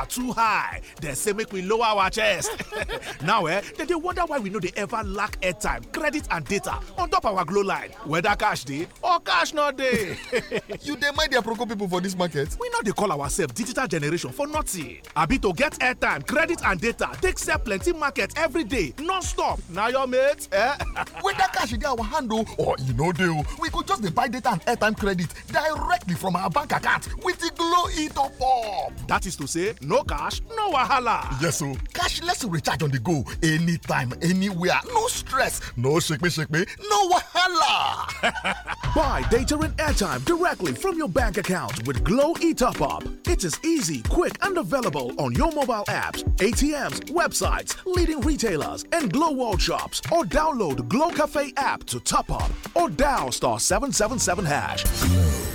are too high They say make we lower our chest now eh dem dey wonder why we know they ever lack airtime credit and data on top our glow line whether cash day or cash not day. you dey mind their proco people for this market. we know they call ourselves digital generation for nothing bit to get airtime credit and data take sell plenty market every day non-stop na your mate. Eh? whether cash dey our hand or e no dey we could just dey buy data and airtime credit directly from our bank account with the glow e up. that is to say no cash no wahala. yes so oh. cashless recharge on the go anytime anywhere no stress no shake shake me, me, no wahala. buy data and airtime directly from your bank account with glow etop up it is easy quick and available on your mobile apps atms websites leading retailers and glow world shops or download glow cafe app to top up or dial star 777 hash. Glow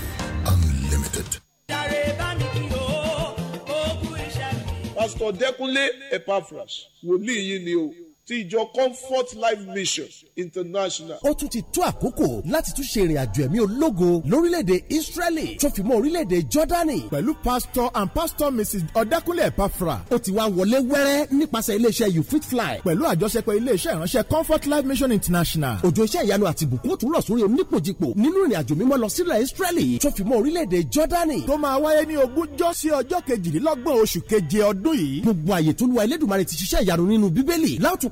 Unlimited. pásítọ̀ dẹ́kunlé epaphras wòlíì yìí ni o ti ìjọ comfort life mission international. ó tún ti tó àkókò láti tún ṣe ìrìn àjò ẹ̀mí ológo lórílẹ̀‐èdè israeli tó fi mọ́ orílẹ̀‐èdè jordani. pẹ̀lú pastor and pastor mrs ọ̀dẹ́kúnlé epafra ó ti wá wọlé wẹ́rẹ́ nípasẹ̀ iléeṣẹ́ you fit fly pẹ̀lú àjọṣepọ̀ iléeṣẹ́ ìránṣẹ́ comfort life mission international. òjò iṣẹ́ ìyanu àti ìbùkún tún rọ̀ sórí onípojìpò nínú ìrìn àjò mímọ́ lọ sílẹ̀ israeli tó fi mọ́ orílẹ̀‐èdè jordani. tó máa wáyé ní ogúnjọ́ sí ọjọ́ kejìlélọ́gbọ̀n oṣù keje ọdún yìí. gbogbo àyè tó lu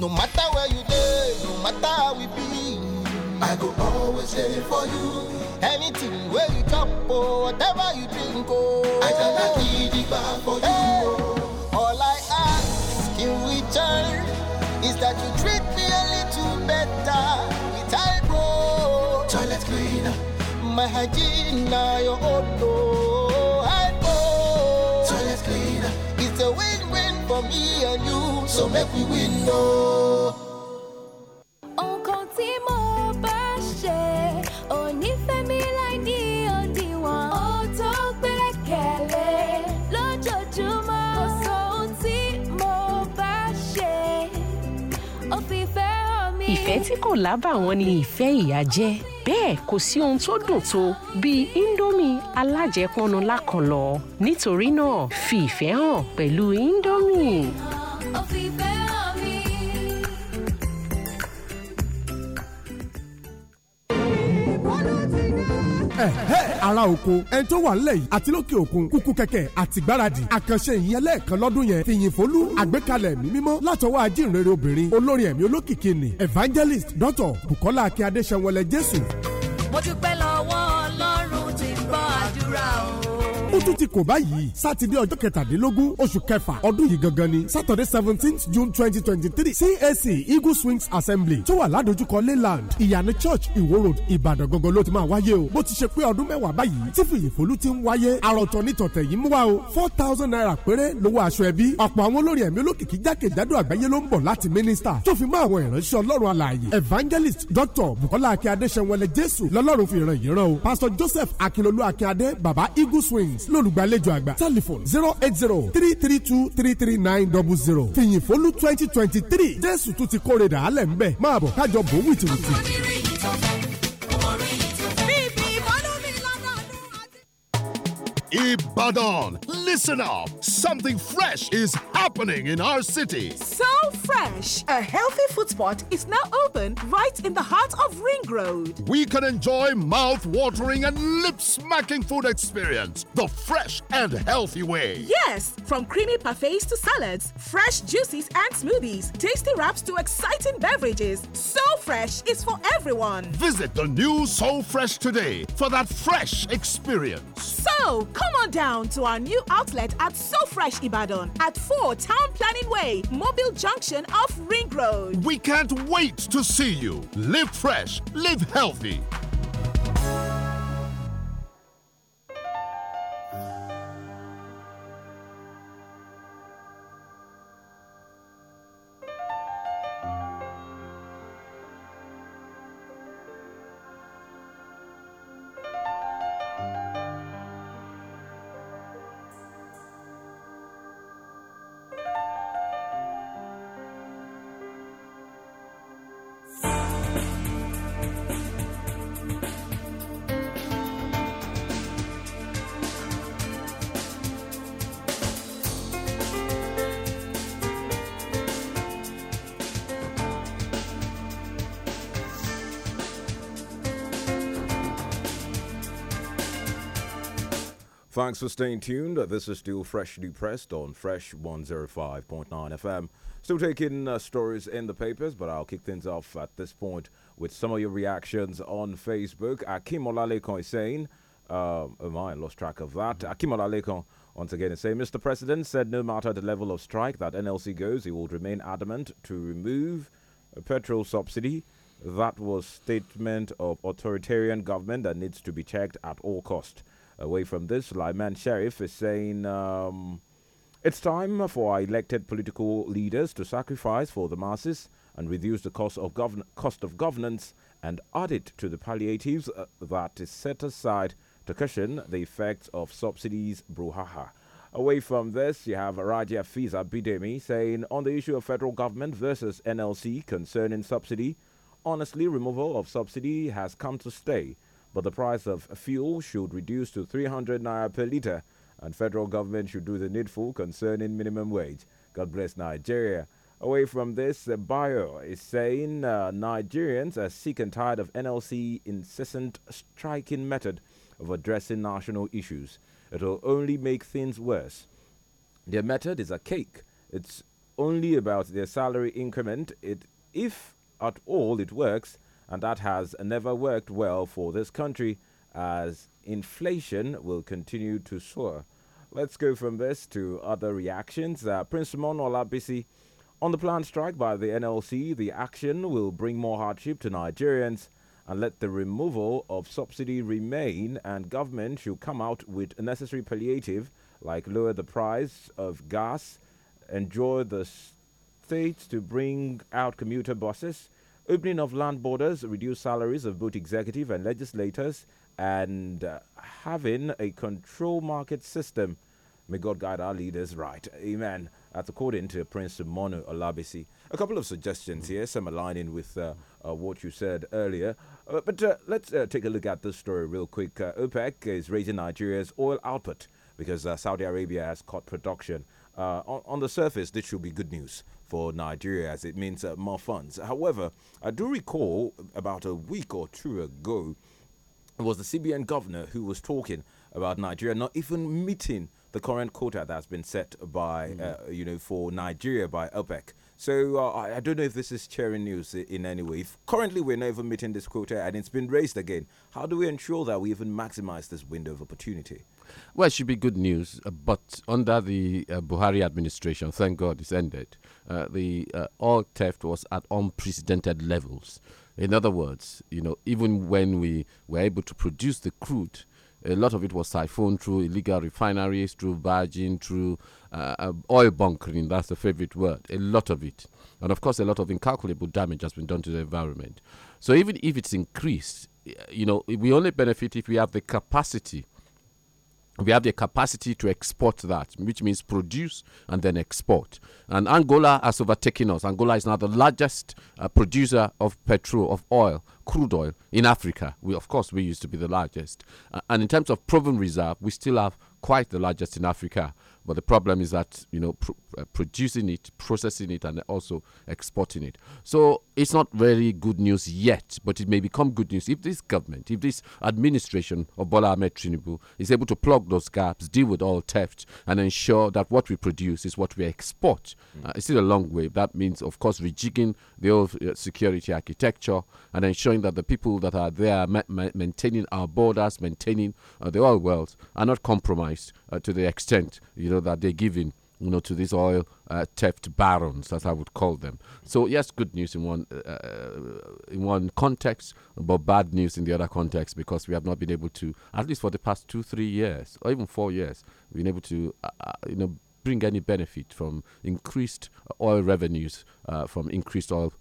No matter where you live, no matter how we be, I go always there for you. Anything where you chop or whatever you drink, oh, I cannot be the bar for hey. you. Oh. All I ask in return is that you treat me a little better with eyebrow, toilet cleaner, my hygiene, now your own door, toilet cleaner. It's a win-win for me and you. so make we win o. nǹkan tí mo bá ṣe ò ní fẹ́ mi láì ní òdiwọ̀n. ó tó gbẹ́kẹ̀lé lójoojúmọ́. kò sọ ohun tí mo bá ṣe ó fi fẹ́ hàn mí. ìfẹ́ tí kò lábàwọ́n ni ìfẹ́ ìyá jẹ́ bẹ́ẹ̀ kò sí ohun tó dùn tó bíi indomie alájẹpọnu lákànlọ́ nítorí náà fi ìfẹ́ hàn pẹ̀lú indomie fífẹ́ hàn mí. ara oko ẹni tó wà nílẹ̀ yìí àti lókè òkun kúkú kẹ̀kẹ́ àti gbáradì àkànṣe ìyẹn lẹ́ẹ̀kan lọ́dún yẹn fìyìn fólú àgbékalẹ̀ ẹ̀mí mímọ́ látọwọ́ ajínrere obìnrin olórin ẹ̀mí olókìkí ni evangelist dr bukola akíndé ṣẹ̀wọ̀lẹ̀ jésù. mo ti pẹ́ lọ ó tún ti kò báyìí sátidé ọjọ́ kẹtàdínlógún oṣù kẹfà ọdún yìí gangan ni saturday seventeenth june twenty twenty three cac eagle swings assembly tó wà ládojúkọ leyland ìyànà church ìwó road ìbàdàn gangan ló ti máa wáyé o bó ti ṣe pé ọdún mẹ́wàá báyìí tí fìyèfólú ti ń wáyé àròtọ̀ ní tọ̀tẹ̀ yìí mú wá o four thousand naira péré lówó aṣọ ẹbí ọ̀pọ̀ àwọn olórin ẹ̀mí olókìkí jákèjádò àgbáyé ló ń bọ̀ láti mínísítà tó fi mọ́ àwọn ìránṣẹ́ ọlọ́run alààyè evangelist dr bukola akíndé ṣẹ́wọlẹ̀ jésù lọ́lọ́run fi ìran yìí rán o pastor joseph akilolu akíndé baba eagle swings lólùgbàlejò àgbà tẹlifon zero eight zero three three two three three nine double zero fìyìnfólú twenty twenty three jésù tún ti kórè dàálẹ̀ ńbẹ̀ máa bọ̀ kájọ bò wìtìwìtì. Ibadan. Listen up. Something fresh is happening in our city. So fresh. A healthy food spot is now open right in the heart of Ring Road. We can enjoy mouth-watering and lip-smacking food experience the fresh and healthy way. Yes, from creamy parfaits to salads, fresh juices and smoothies, tasty wraps to exciting beverages. So fresh is for everyone. Visit the new So Fresh today for that fresh experience. So Come on down to our new outlet at So Fresh Ibadan at 4 Town Planning Way, Mobile Junction off Ring Road. We can't wait to see you. Live fresh, live healthy. Thanks for staying tuned. This is still freshly pressed on Fresh 105.9 FM. Still taking uh, stories in the papers, but I'll kick things off at this point with some of your reactions on Facebook. Akim Olalekon is saying, uh, oh my, I lost track of that. Akim Olalekon once again is saying, Mr. President said no matter the level of strike that NLC goes, he will remain adamant to remove a petrol subsidy. That was statement of authoritarian government that needs to be checked at all cost away from this, Man Sheriff is saying. Um, it's time for our elected political leaders to sacrifice for the masses and reduce the cost of, govern- cost of governance and add it to the palliatives uh, that is set aside to cushion the effects of subsidies brouhaha. Away from this, you have Raja Fiza Bidemi saying on the issue of federal government versus NLC concerning subsidy, honestly, removal of subsidy has come to stay but the price of fuel should reduce to 300 naira per litre and federal government should do the needful concerning minimum wage. God bless Nigeria. Away from this, the uh, Bio is saying uh, Nigerians are sick and tired of NLC incessant striking method of addressing national issues. It will only make things worse. Their method is a cake. It's only about their salary increment. It, if at all, it works and that has never worked well for this country as inflation will continue to soar. Let's go from this to other reactions. Uh, Prince Simon Olabisi, on the planned strike by the NLC, the action will bring more hardship to Nigerians and let the removal of subsidy remain and government should come out with necessary palliative like lower the price of gas, enjoy the state to bring out commuter buses, opening of land borders, reduced salaries of both executive and legislators, and uh, having a control market system. May God guide our leaders right. Amen. That's according to Prince Mono Olabisi. A couple of suggestions here, some aligning with uh, uh, what you said earlier. Uh, but uh, let's uh, take a look at this story real quick. Uh, OPEC is raising Nigeria's oil output because Saudi Arabia has cut production. On, on, the surface, this should be good news for Nigeria as it means uh, more funds. However, I do recall about a week or two ago, it was the CBN governor who was talking about Nigeria not even meeting the current quota that's been set by, mm. uh, you know, for Nigeria by OPEC. So uh, I don't know if this is cheering news in any way. If currently we're not even meeting this quota and it's been raised again, how do we ensure that we even maximize this window of opportunity? Well, it should be good news, uh, but under the uh, Buhari administration, thank God it's ended, uh, the oil uh, theft was at unprecedented levels. In other words, you know, even when we were able to produce the crude a lot of it was siphoned through illegal refineries, through barging, through uh, uh, oil bunkering. That's the favorite word. A lot of it. And of course, a lot of incalculable damage has been done to the environment. So even if it's increased, you know, we only benefit if we have the capacity we have the capacity to export that, which means produce and then export. And Angola has overtaken us. Angola is now the largest uh, producer of petrol, of oil, crude oil in Africa. We, of course, we used to be the largest. Uh, and in terms of proven reserve, we still have quite the largest in Africa. But the problem is that you know pr uh, producing it, processing it, and also exporting it. So it's not very good news yet, but it may become good news if this government, if this administration of Bola Ahmed Tinubu is able to plug those gaps, deal with all theft, and ensure that what we produce is what we export. Mm. Uh, it's still a long way. That means, of course, rejigging the old uh, security architecture and ensuring that the people that are there ma ma maintaining our borders, maintaining uh, the oil wells, are not compromised uh, to the extent you you know, that they're giving you know, to these oil uh, theft barons, as I would call them. So yes, good news in one uh, uh, in one context, but bad news in the other context because we have not been able to, at least for the past two, three years, or even four years, we've been able to, uh, uh, you know, bring any benefit from increased oil revenues uh, from increased oil.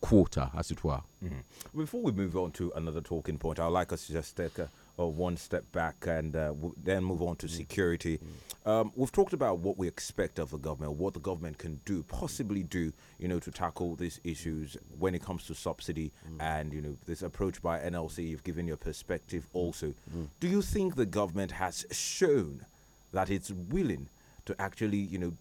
quota, as it were. Mm -hmm. Before we move on to another talking point, I'd like us to just take a, or uh, one step back and uh, w- then move on to mm. security. Mm. Um, we've talked about what we expect of the government, what the government can do, possibly do, you know, to tackle these issues when it comes to subsidy mm. and you know this approach by NLC. You've given your perspective mm. also. Mm. Do you think the government has shown that it's willing to actually, you know,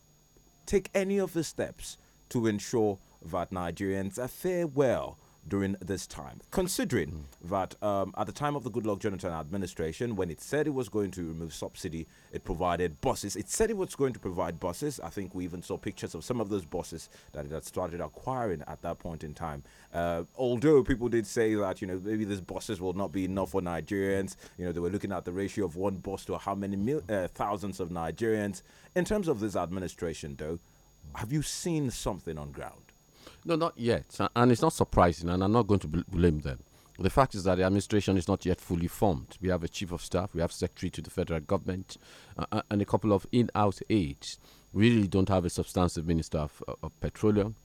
take any of the steps to ensure that Nigerians are fare well? during this time, considering mm. that um, at the time of the Goodluck Jonathan administration, when it said it was going to remove subsidy, it provided buses. It said it was going to provide buses. I think we even saw pictures of some of those buses that it had started acquiring at that point in time. Uh, although people did say that, you know, maybe these buses will not be enough for Nigerians. You know, they were looking at the ratio of one bus to how many mil, uh, thousands of Nigerians. In terms of this administration, though, have you seen something on ground? No, not yet. And it's not surprising, and I'm not going to blame them. The fact is that the administration is not yet fully formed. We have a chief of staff, we have secretary to the federal government, uh, uh and a couple of in house aides. We really don't have a substantive minister of, uh, of petroleum.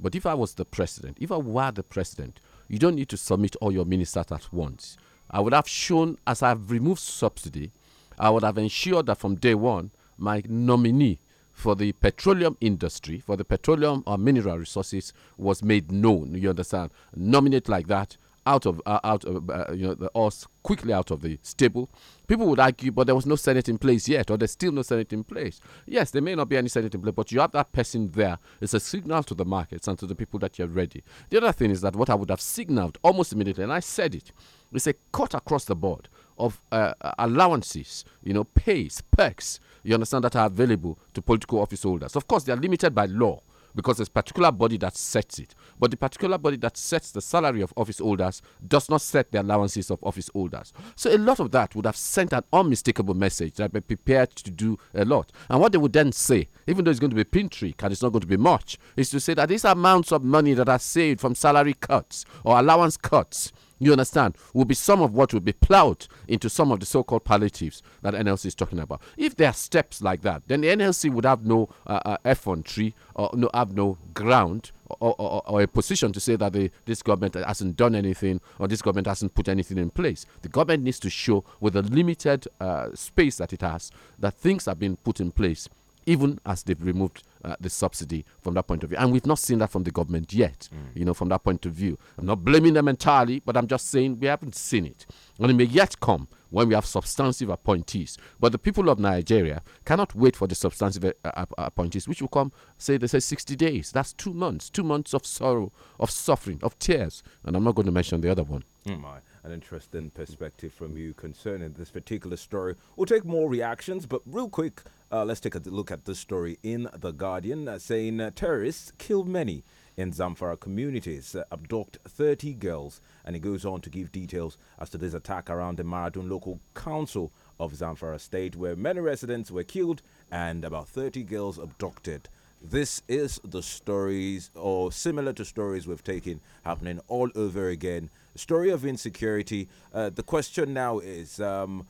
But if I was the president, if I were the president, you don't need to submit all your ministers at once. I would have shown, as I've removed subsidy, I would have ensured that from day one, my nominee for the petroleum industry, for the petroleum or mineral resources, was made known. You understand? Nominate like that out of uh, out of uh, you know the horse quickly out of the stable. People would argue, but there was no senate in place yet, or there's still no senate in place. Yes, there may not be any senate in place, but you have that person there. It's a signal to the markets and to the people that you're ready. The other thing is that what I would have signaled almost immediately, and I said it, it's a cut across the board of uh, allowances, you know, pays, perks, you understand, that are available to political office holders. Of course, they are limited by law because there's a particular body that sets it. But the particular body that sets the salary of office holders does not set the allowances of office holders. So a lot of that would have sent an unmistakable message that they're prepared to do a lot. And what they would then say, even though it's going to be pin trick and it's not going to be much, is to say that these amounts of money that are saved from salary cuts or allowance cuts you understand, will be some of what will be plowed into some of the so called palliatives that NLC is talking about. If there are steps like that, then the NLC would have no uh, uh, effrontery or no, have no ground or, or, or, a position to say that the, this government hasn't done anything or this government hasn't put anything in place. The government needs to show, with the limited uh, space that it has, that things have been put in place, even as they've removed uh, the subsidy from that point of view. And we've not seen that from the government yet, mm. you know, from that point of view. I'm not blaming them entirely, but I'm just saying we haven't seen it. And it may yet come when we have substantive appointees. But the people of Nigeria cannot wait for the substantive uh, uh, appointees, which will come, say, they say 60 days. That's two months, two months of sorrow, of suffering, of tears. And I'm not going to mention the other one. Mm. My an interesting perspective from you concerning this particular story. We'll take more reactions, but real quick, uh, let's take a look at this story in The Guardian uh, saying uh, terrorists kill many in Zamfara communities, uh, abduct 30 girls. And it goes on to give details as to this attack around the Maradun local council of Zamfara state, where many residents were killed and about 30 girls abducted. This is the stories, or similar to stories we've taken, happening all over again. Story of insecurity. Uh, the question now is um,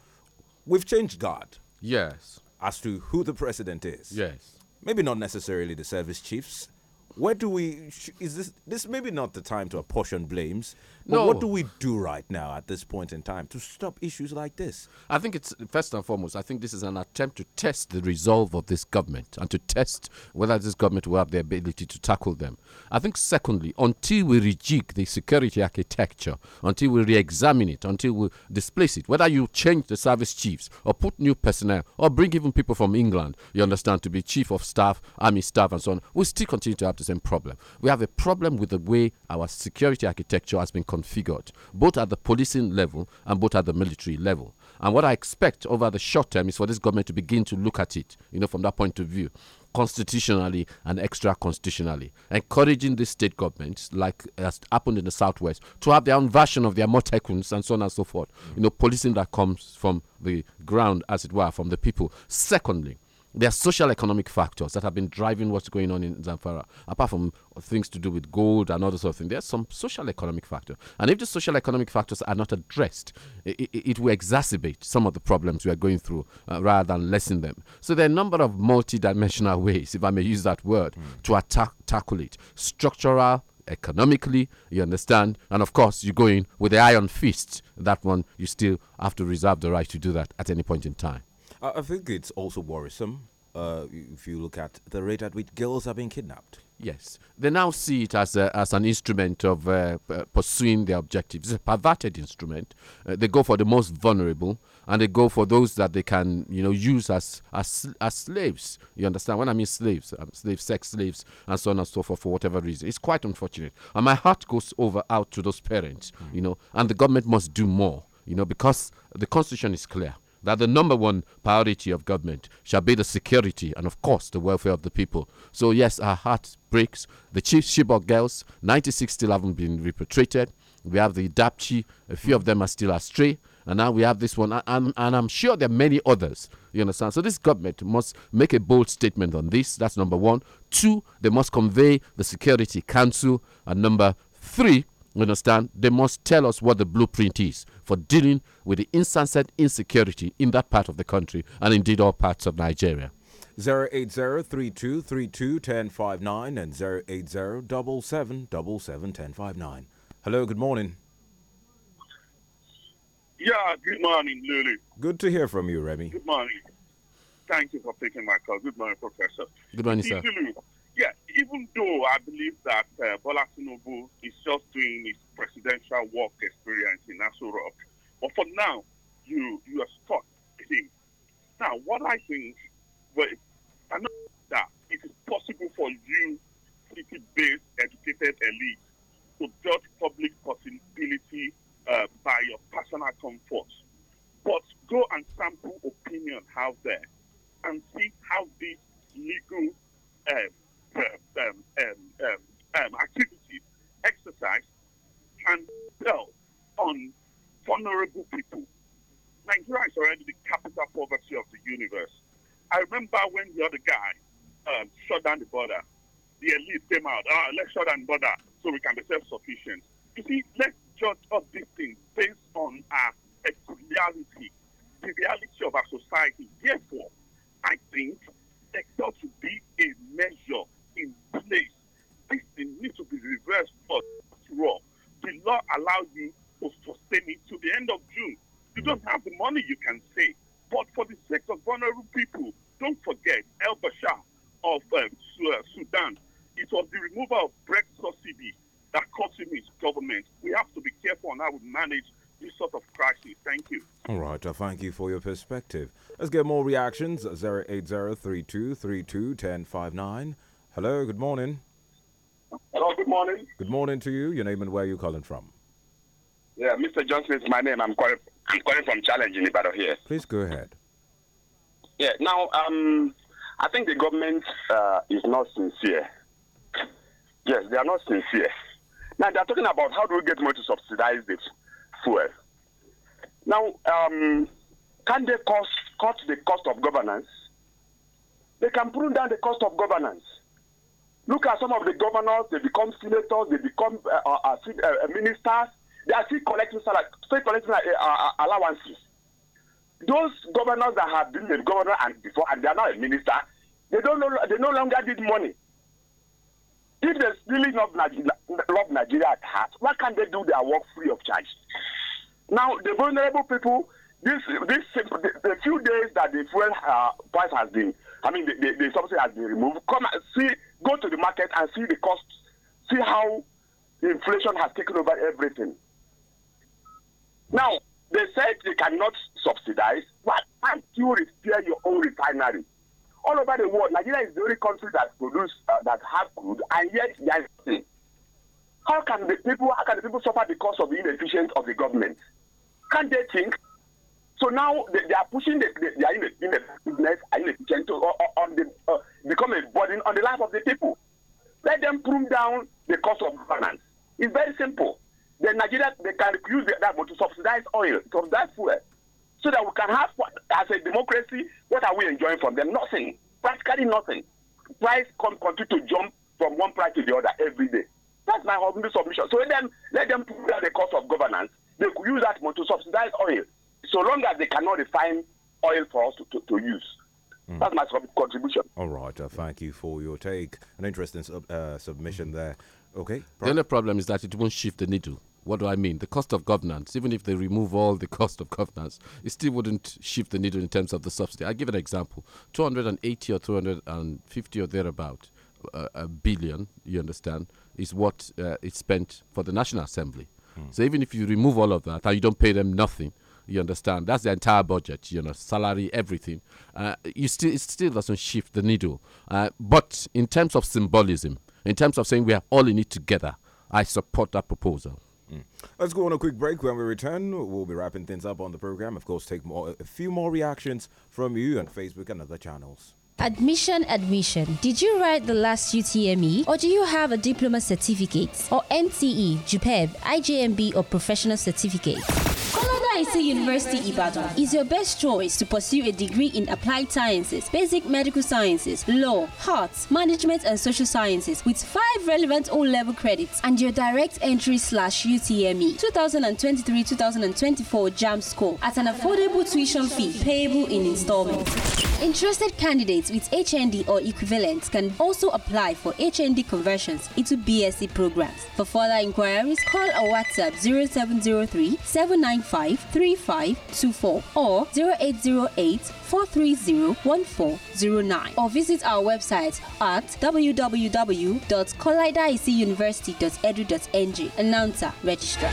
we've changed God. Yes as to who the president is. Yes. Maybe not necessarily the service chiefs. Where do we? Is this this maybe not the time to apportion blames, but no. what do we do right now at this point in time to stop issues like this? I think it's first and foremost, I think this is an attempt to test the resolve of this government and to test whether this government will have the ability to tackle them. I think secondly, until we rejig the security architecture, until we re examine it, until we displace it, whether you change the service chiefs or put new personnel or bring even people from England, you understand, to be chief of staff, army staff, and so on, we still continue to have the same problem. We have a problem with the way our security architecture has been conducted misconfigured, both at the policing level and both at the military level. And what I expect over the short term is for this government to begin to look at it, you know, from that point of view, constitutionally and extra constitutionally, encouraging the state governments, like has happened in the southwest, to have their own version of their motekuns and so on and so forth. You know, policing that comes from the ground, as it were, from the people. Secondly, there are social economic factors that have been driving what's going on in Zamfara. Apart from things to do with gold and other sort of things, there's some social economic factor. And if the social economic factors are not addressed, it, it, it will exacerbate some of the problems we are going through uh, rather than lessen them. So there are a number of multidimensional ways, if I may use that word, mm. to attack, tackle it. Structural, economically, you understand? And of course, you go in with the iron fist. That one, you still have to reserve the right to do that at any point in time. I, I think it's also worrisome uh, if you look at the rate at which girls are being kidnapped. Yes, they now see it as a, as an instrument of uh, pursuing their objectives. It's a perverted instrument. Uh, they go for the most vulnerable, and they go for those that they can, you know, use as as as slaves. You understand when I mean slaves, um, slaves, sex slaves, and so on and so forth for whatever reason. It's quite unfortunate, and my heart goes over out to those parents, mm. you know. And the government must do more, you know, because the constitution is clear that the number one priority of government shall be the security and, of course, the welfare of the people. So, yes, our heart breaks. The Chief Shibok girls, 96 still haven't been repatriated. We have the Dapchi, a few of them are still astray. And now we have this one, and, and I'm sure there are many others. You understand? So, this government must make a bold statement on this. That's number one. Two, they must convey the Security Council. And number three, you understand? They must tell us what the blueprint is for dealing with the incessant insecurity in that part of the country and indeed all parts of Nigeria. 080-3232-1059 and 080-777-1059. Hello, good morning. Yeah, good morning, Lily. Good to hear from you, Remy. Good morning. Thank you for taking my call. Good morning, Professor. Good morning, sir. Yeah, even though I believe that uh, Bola Tinubu is just doing his presidential work experience in Aso Rock, but for now, you you are stuck with him. Now, what I think, well, I know that it is possible for you, city-based, educated elite, to judge public possibility uh, by your personal comfort. But go and sample opinion out there. Thank you for your perspective. Let's get more reactions. 08032321059. Hello, good morning. Hello, good morning. Good morning to you. Your name and where you calling from? Yeah, Mr. Johnson is my name. I'm calling, I'm calling from Challenge in Ibadan here. Please go ahead. Yeah, now, um, I think the government uh, is not sincere. Yes, they are not sincere. Now, they're talking about how do we get money to subsidize the fuel. Now, um, can they cost, cut the cost of governance? They can prune down the cost of governance. Look at some of the governors, they become senators, they become uh, uh, uh, uh, uh ministers, they are still collecting, still collecting uh, allowances. Those governors that have been a governor and before and they are now a minister, they don't know, they no longer need money. If they really love Nigeria, love Nigeria at heart, why can't they do their work free of charge? Now, the vulnerable people, this, this the, the few days that the fuel uh, price has been, I mean, the, the, the subsidy has been removed, come and see, go to the market and see the cost, see how inflation has taken over everything. Now, they said they cannot subsidize, but can't you repair your own refinery? All over the world, Nigeria is the only country that produce uh, that have crude, and yet there is how can the people how can the people suffer because of the inefficiency of the government? Can't they think? So now they, they are pushing the, they, they are in in the business will take an interesting sub, uh, submission mm-hmm. there. Okay. Pro the only problem is that it won't shift the needle. What do I mean? The cost of governance, even if they remove all the cost of governance, it still wouldn't shift the needle in terms of the subsidy. i give an example 280 or 250 or thereabout uh, a billion, you understand, is what uh, spent for the National Assembly. Mm. So even if you remove all of that and you don't pay them nothing, you understand? That's the entire budget, you know, salary, everything. Uh, you still, it still doesn't shift the needle. Uh, but in terms of symbolism, in terms of saying we are all in it together, I support that proposal. Mm. Let's go on a quick break. When we return, we'll be wrapping things up on the program. Of course, take more, a few more reactions from you on Facebook and other channels. Admission, admission. Did you write the last UTME or do you have a diploma certificate or NCE, JUPEB, IJMB or professional certificate? Kolaida University Ibadan is your best choice to pursue a degree in applied sciences, basic medical sciences, law, arts, management and social sciences with five relevant O-level credits and your direct entry slash UTME 2023-2024 JAM score at an affordable tuition fee payable in installments. Interested candidates with HND or equivalents can also apply for HND conversions into BSc programs. For further inquiries, call or WhatsApp 0703 795 3524 or 0808 430 1409 or visit our website at www.collideicuniversity.edu.ng. Announcer Registrar.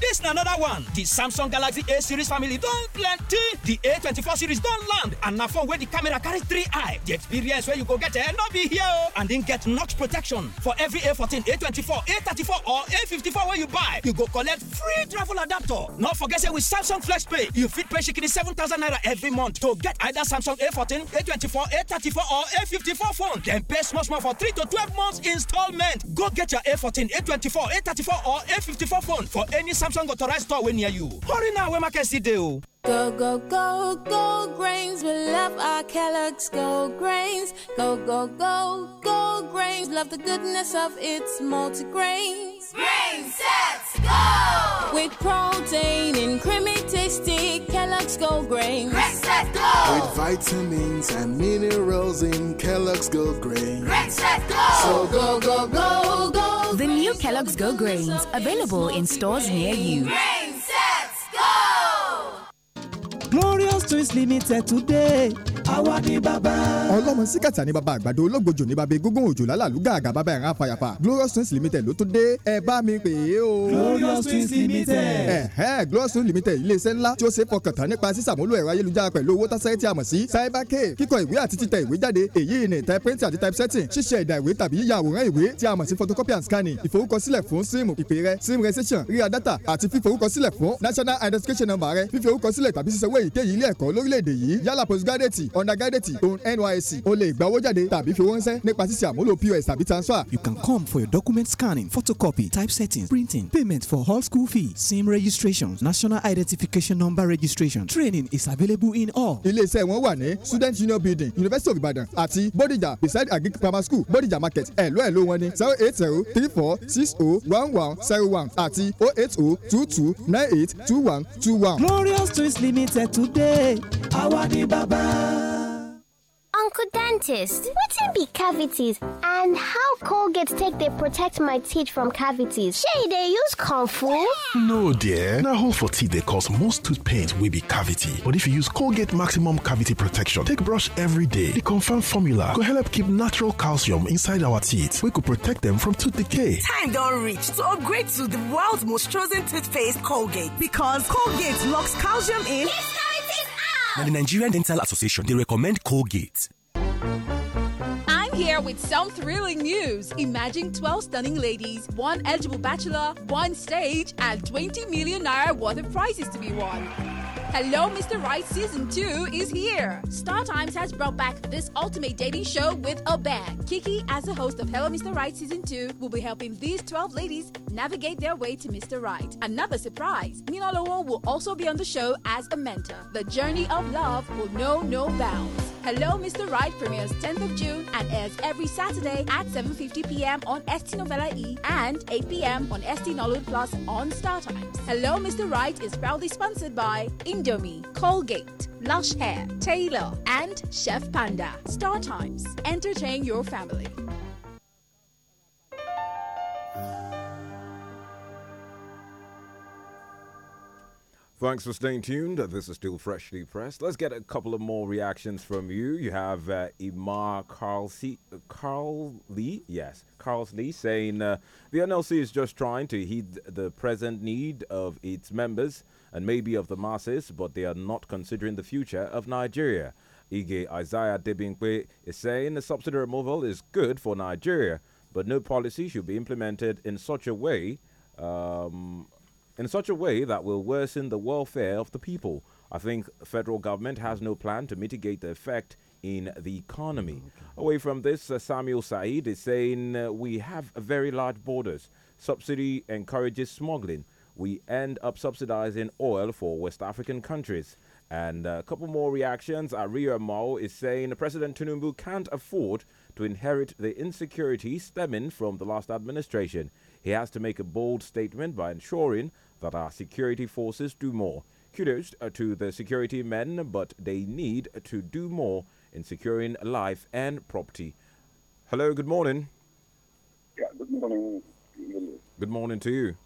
This na another one. The Samsung Galaxy A series family don plenty. The A24 series don land and na phone wey the camera carry three eye. The experience wey you go get eh no be here o. Oh. And e get knock protection. For every A14, A24, A34 or A54 wey you buy, you go collect free travel adapter. No forget say with Samsung FlexPay, you fit pay shikini thousand naira every month to get either Samsung A14, A24, A34 or A54 phone. Then pay small small for three to twelve months installment. Go get your A14, A24, A34 or A54 phone for any Samsung Samsung authorized store near you. Hurry now wey market still dey Go, go, go, go grains. We love our Kellogg's Go grains. Go, go, go, go grains. Love the goodness of its multi grain sets go! With protein and creamy tasty Kellogg's Go Grains. Green sets go! With vitamins and minerals in Kellogg's Go Grains. Green sets go! So go, go, go, go! The new Kellogg's Go Grains, available in stores near you. Grains. Glorious Twist Limited today. Àwa ni bàbá. Ọlọ́mọ síkàtà ni bàbá àgbàdo ológbòjò ní bàbá egúngún òjò lálàlúgà àgà bàbá ẹ̀rán afàyàfà. Glorious Twist Limited ló tún dé. Ẹ bá mi pè é o. Glorious Twist Limited. Ẹ̀hẹ́ Glorious Twist Limited iléeṣẹ́ ńlá tí ó ṣe fọkàn tán nípa sísàmúlò ẹ̀rọ ayélujára pẹ̀lú owó tásẹ́ tí a mọ̀ sí. Cybercave kíkọ ìwé àti títẹ ìwé jáde èyí ni type print àti type setting ṣíṣe ẹ̀dà ìwé tàbí yíya àwòrán ìwé tí a mọ̀ sí photocopy and scanning ìforúkọsílẹ̀ fún sim ìpè rẹ sim registration ríra data àti fíforúkọsílẹ̀ fún national identification number rẹ fífi orúkọsílẹ̀ tàbí ṣíṣe owó èyíkéyìí ilé ẹ̀kọ́ lórílẹ̀‐èdè yìí yálà postgraduate undergraduate òun NYSC o lè gbowó jáde tàbí fi wọ́n sẹ́ nípa ṣíṣe àmúlò POS tàbí transfer. You can come for your document scanning photocopy typesetting printing payment for hall school fee, SIM registration national identification number registration training is available in all. iléeṣẹ́ wọn wà ní student union building university of Ibadan àti Bodija beside Agric primary school Bodija market ẹ̀lú ẹ̀lú wọn ni zero eight zero three four six oh one one zero one àti oh eight oh two two nine eight two one two one. Glorious twins limited Today, àwa ni bàbá. Uncle Dentist. what can be cavities and how Colgate take they protect my teeth from cavities? Shay, they use Kung Fu? No dear, na hole for teeth they cause most tooth pains will be cavity. But if you use Colgate Maximum Cavity Protection take brush every day, the confirmed formula could help keep natural calcium inside our teeth We could protect them from tooth decay. Time don't reach to upgrade to the world's most chosen toothpaste Colgate because Colgate locks calcium in. Now, the Nigerian Dental Association, they recommend Colgate here with some thrilling news. Imagine 12 stunning ladies, one eligible bachelor, one stage, and 20 million naira worth of prizes to be won. Hello, Mr. Right Season 2 is here. Star Times has brought back this ultimate dating show with a bang. Kiki, as the host of Hello, Mr. Right Season 2, will be helping these 12 ladies navigate their way to Mr. Right. Another surprise, Minalowo will also be on the show as a mentor. The journey of love will know no bounds. Hello Mr. Right premieres 10th of June and airs every Saturday at 7.50pm on ST Novella E and 8pm on ST Nollywood Plus on Star Times. Hello Mr. Right is proudly sponsored by Indomie, Colgate, Lush Hair, Taylor and Chef Panda. Star Times, entertain your family. Thanks for staying tuned. This is still freshly pressed. Let's get a couple of more reactions from you. You have uh, Imar Carl, C- Carl Lee, yes, Carl Lee saying uh, the NLC is just trying to heed the present need of its members and maybe of the masses, but they are not considering the future of Nigeria. Ige Isaiah Debinkwe is saying the subsidy removal is good for Nigeria, but no policy should be implemented in such a way um, in such a way that will worsen the welfare of the people. I think federal government has no plan to mitigate the effect in the economy. Okay. Away from this, uh, Samuel Said is saying uh, we have very large borders. Subsidy encourages smuggling. We end up subsidizing oil for West African countries. And a couple more reactions. Aria Mao is saying President Tinubu can't afford to inherit the insecurity stemming from the last administration. He has to make a bold statement by ensuring that our security forces do more. Kudos uh, to the security men, but they need to do more in securing life and property. Hello, good morning. Yeah, good morning. Good morning to you.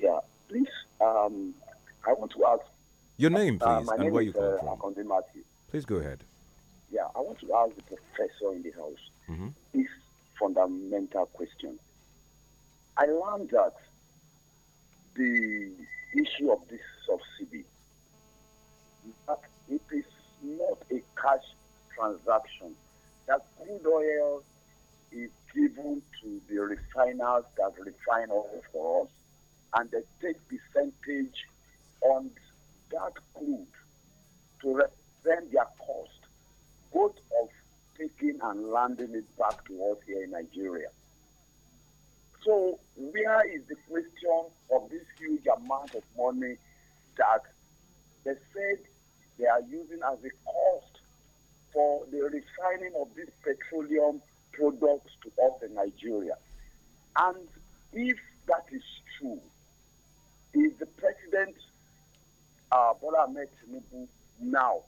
Yeah, please, um, I want to ask. Your name, uh, please, uh, and name where is, you uh, come from. Akonde Matthew. Please go ahead. Yeah, I want to ask the professor in the house mm -hmm. this fundamental question. I learned that the issue of this subsidy, that it is not a cash transaction. That crude oil is given to the refiners that refine oil for us, and they take percentage on that crude to represent their cost, both of taking and landing it back to us here in Nigeria. So where is the question of this huge amount of money that the Fed they are using as a cost for the refining of these petroleum products to offer Nigeria? And if that is true, is the president uh, Bola Ahmed Tinubu now?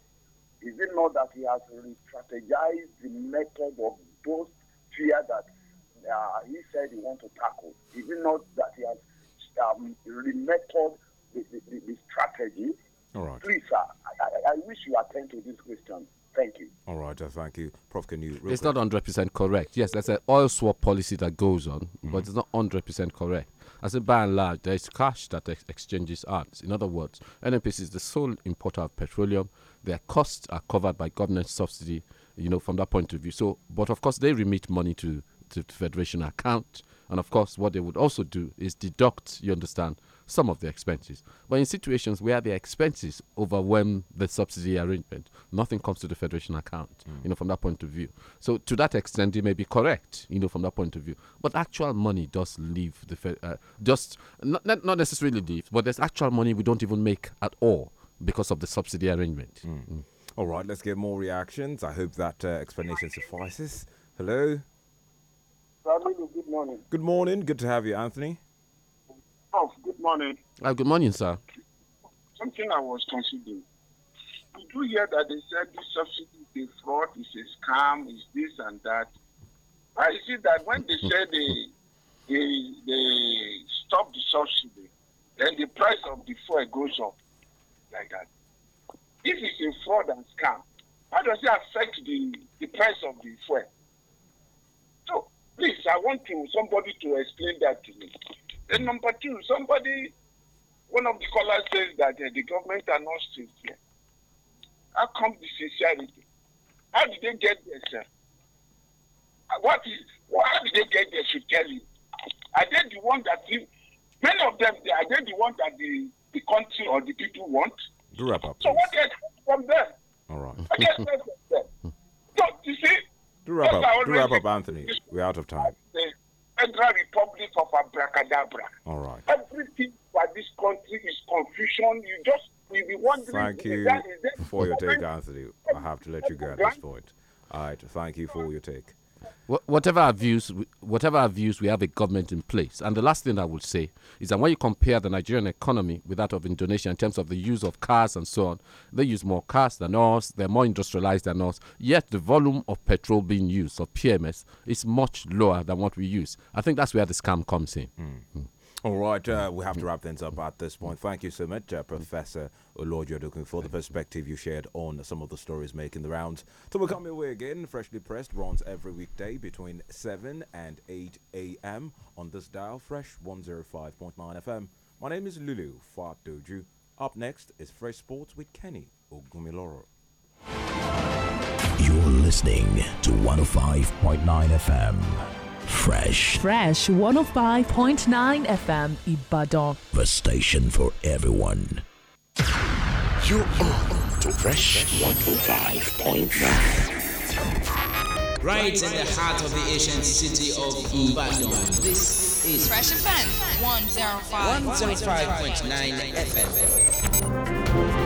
Is it not that he has re-strategized the method of those fear that uh, he said he wants to tackle? Is it not that he has um, the, the, the, the strategy? All right. Please, sir, I, I, I wish you attend to this question. Thank you. All right, uh, thank you. Prof, can you? It's quick. not 100% correct. Yes, there's an oil swap policy that goes on, mm-hmm. but it's not 100% correct. As a by and large, there is cash that ex- exchanges arms. In other words, NNPC is the sole importer of petroleum. Their costs are covered by government subsidy, you know, from that point of view. So, but of course, they remit money to the Federation account. And of course, what they would also do is deduct, you understand, some of the expenses. But in situations where the expenses overwhelm the subsidy arrangement, nothing comes to the federation account, mm. you know, from that point of view. So to that extent, they may be correct, you know, from that point of view. But actual money does leave the, uh, just, not, not necessarily leave, but there's actual money we don't even make at all because of the subsidy arrangement. Mm. Mm. All right, let's get more reactions. I hope that uh, explanation suffices. Hello? Good morning. Good morning. Good to have you, Anthony. Oh, good morning. Uh, good morning, sir. Something I was considering. Did you hear that they said this subsidy is a fraud, is a scam, is this and that? I see that when they hmm. say they, they, they stop the subsidy, then the price of the fuel goes up like that. If it's a fraud and scam, how does it affect the, the price of the fuel? Please, I want to somebody to explain that to me. Then number two, somebody, one of the callers says that uh, the government are not sincere. How come the sincerity? How did they get there, sir? Uh, what is? How did they get there? Should tell you. Are they the one that the, many of them? Are they the one that the the country or the people want? Do wrap up. So what did from them? All right. I else from them? So you see. Do wrap up. Do wrap up, Anthony. We're out of time. Central Republic of Abracadabra. All right. Everything for this country is confusion. You just will be wondering. Thank you that, for your take, Anthony. I have to let you go at this point. All right. Thank you for your take whatever our views, whatever our views, we have a government in place. And the last thing I would say is that when you compare the Nigerian economy with that of Indonesia in terms of the use of cars and so on, they use more cars than us. They're more industrialized than us. Yet the volume of petrol being used, of PMS, is much lower than what we use. I think that's where the scam comes in. Mm. Mm. All right, uh, we have to wrap things up at this point. Thank you so much, uh, Professor Olojo looking for the perspective you shared on some of the stories making the rounds. So we'll come your way again, freshly pressed, runs every weekday between 7 and 8 a.m. on this dial, Fresh 105.9 FM. My name is Lulu Fatoju. Up next is Fresh Sports with Kenny Ogumiloro. You're listening to 105.9 FM. Fresh. Fresh 105.9 FM Ibadan. The station for everyone. You are to Fresh 105.9. Right in the heart of the ancient city of Ibadan. This is Fresh FM 105.9 105. 105. 105. FM.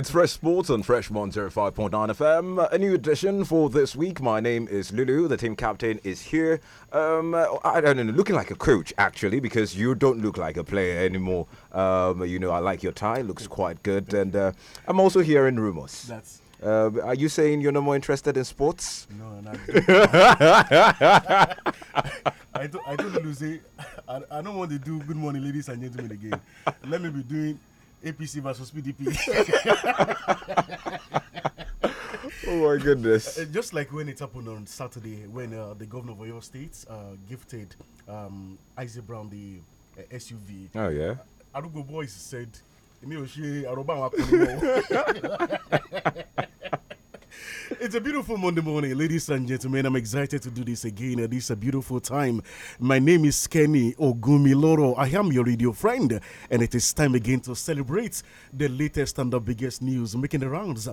It's Fresh Sports on Fresh 105.9 FM. A new edition for this week. My name is Lulu. The team captain is here. Um, I don't know, looking like a coach actually, because you don't look like a player anymore. Um, you know, I like your tie; looks quite good. And uh, I'm also hearing rumors. That's uh, are you saying you're no more interested in sports? No, no, I don't. I, don't, I don't lose it. I, I don't want to do good morning, ladies and gentlemen, again. Let me be doing APC versus PDP. oh my goodness! Uh, just like when it happened on Saturday, when uh, the governor of your State uh, gifted um, Isaac Brown the uh, SUV. Oh yeah. Uh, Arugo boys said, "Èmi ò ṣe àròbá it's a beautiful Monday morning, ladies and gentlemen. I'm excited to do this again. This is a beautiful time. My name is Kenny Ogumiloro. I am your radio friend, and it is time again to celebrate the latest and the biggest news making the rounds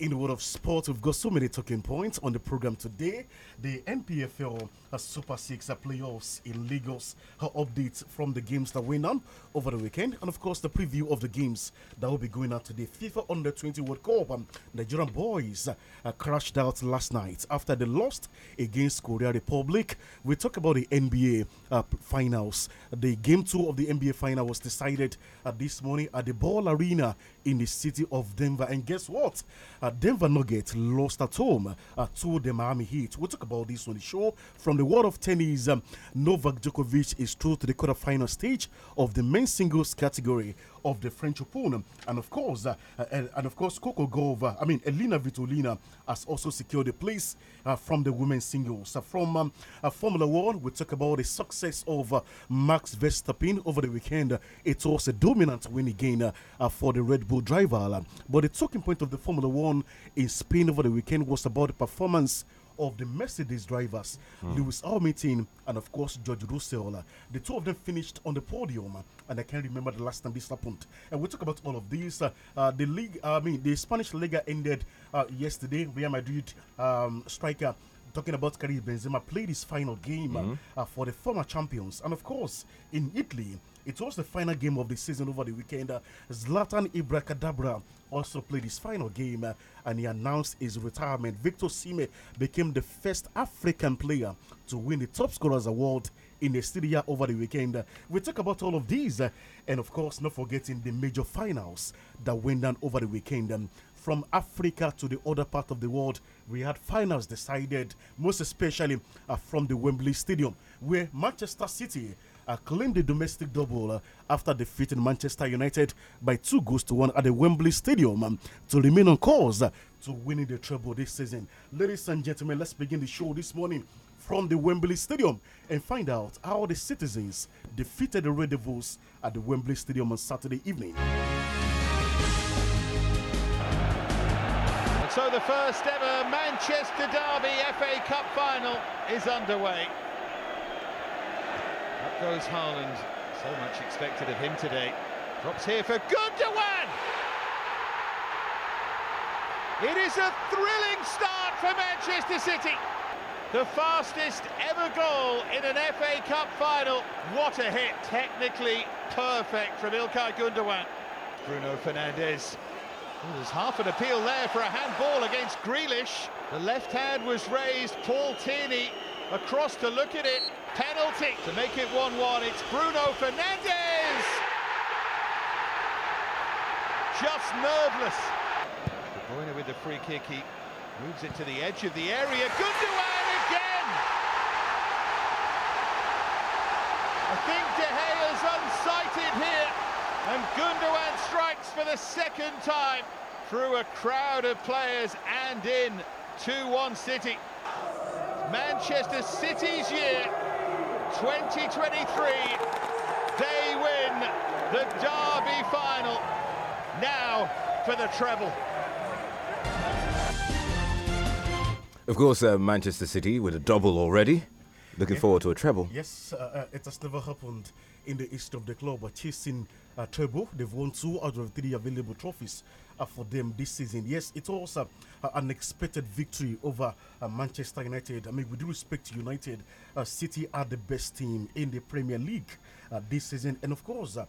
in the world of sport, we've got so many talking points on the program today. The NPFL uh, Super 6 uh, playoffs in Lagos, her updates from the games that went on over the weekend, and of course, the preview of the games that will be going on today. FIFA Under 20 World Cup, um, Nigerian boys uh, crashed out last night after they lost against Korea Republic. We talk about the NBA uh, finals. The game two of the NBA final was decided uh, this morning at the Ball Arena in the city of Denver. And guess what? Uh, uh, Denver Nuggets lost at home uh, to the Miami Heat. We'll talk about this on the show. From the world of tennis, um, Novak Djokovic is through to the quarterfinal stage of the men's singles category of the French Open. And of course, and, uh, uh, and, of course, Coco Gove, uh, I mean, Elena Vitolina has also secured a place from the women's singles. from um, Formula One, we talk about the success of Max Verstappen over the weekend. It was a dominant win again for the Red Bull driver. But the talking point of the Formula One in Spain over the weekend was about the performance of the Mercedes drivers, mm. Lewis Hamilton and, of course, George Russell. The two of them finished on the podium, and I can't remember the last time this happened. And we'll talk about all of these. Uh, the league, I mean, the Spanish Liga ended uh, yesterday. Real Madrid um, striker talking about Karim Benzema played his final game mm -hmm. uh, for the former champions. And of course, in Italy, it was the final game of the season over the weekend. Uh, Zlatan Ibrahimovic also played his final game uh, and he announced his retirement. Victor Sime became the first African player to win the Top Scorers Award in the Syria over the weekend. Uh, we talk about all of these uh, and, of course, not forgetting the major finals that went down over the weekend. Um, from Africa to the other part of the world, we had finals decided, most especially uh, from the Wembley Stadium, where Manchester City uh, claimed the domestic double uh, after defeating Manchester United by two goals to one at the Wembley Stadium um, to remain on course uh, to winning the treble this season. Ladies and gentlemen, let's begin the show this morning from the Wembley Stadium and find out how the citizens defeated the Red Devils at the Wembley Stadium on Saturday evening. And so the first ever Manchester Derby FA Cup final is underway goes Haaland. So much expected of him today. Drops here for Gundogan! It is a thrilling start for Manchester City. The fastest ever goal in an FA Cup final. What a hit. Technically perfect from Ilkay Gundogan. Bruno Fernandes. Ooh, there's half an appeal there for a handball against Grealish. The left hand was raised. Paul Tierney across to look at it. Penalty to make it 1-1. It's Bruno Fernandez. Just nerveless. De Bruyne with the free kick. He moves it to the edge of the area. Gundogan again. I think De Gea's unsighted here. And Gundogan strikes for the second time through a crowd of players and in 2-1 City. Manchester City's year 2023, they win the Derby final. Now for the treble. Of course, uh, Manchester City with a double already. Looking yeah. forward to a treble. Yes, uh, uh it has never happened in the east of the club are chasing uh, treble. They've won two out of three available trophies uh, for them this season. Yes, it was uh, an unexpected victory over uh, Manchester United. I mean, with do respect United, uh, City are the best team in the Premier League uh, this season, and of course, uh,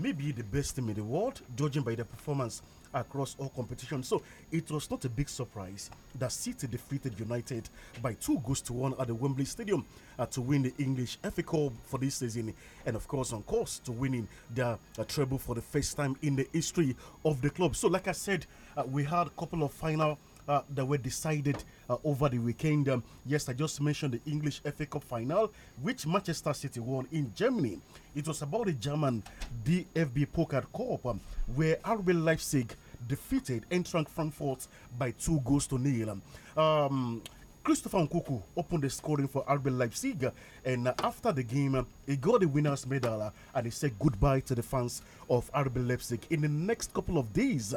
maybe the best team in the world, judging by their performance across all competitions. So it was not a big surprise that City defeated United by two goals to one at the Wembley Stadium uh, to win the English FA Cup for this season, and of course on course to winning their uh, treble for the first time in the history of the club. So like I said, uh, we had a couple of final. Uh, that were decided uh, over the weekend. Um, yes, I just mentioned the English FA Cup final, which Manchester City won in Germany. It was about the German DFB Poker Cup, um, where RB Leipzig defeated Eintracht Frankfurt by two goals to nil. Um, Christopher Nkuku opened the scoring for RB Leipzig, and after the game, he got the winner's medal and he said goodbye to the fans of RB Leipzig. In the next couple of days,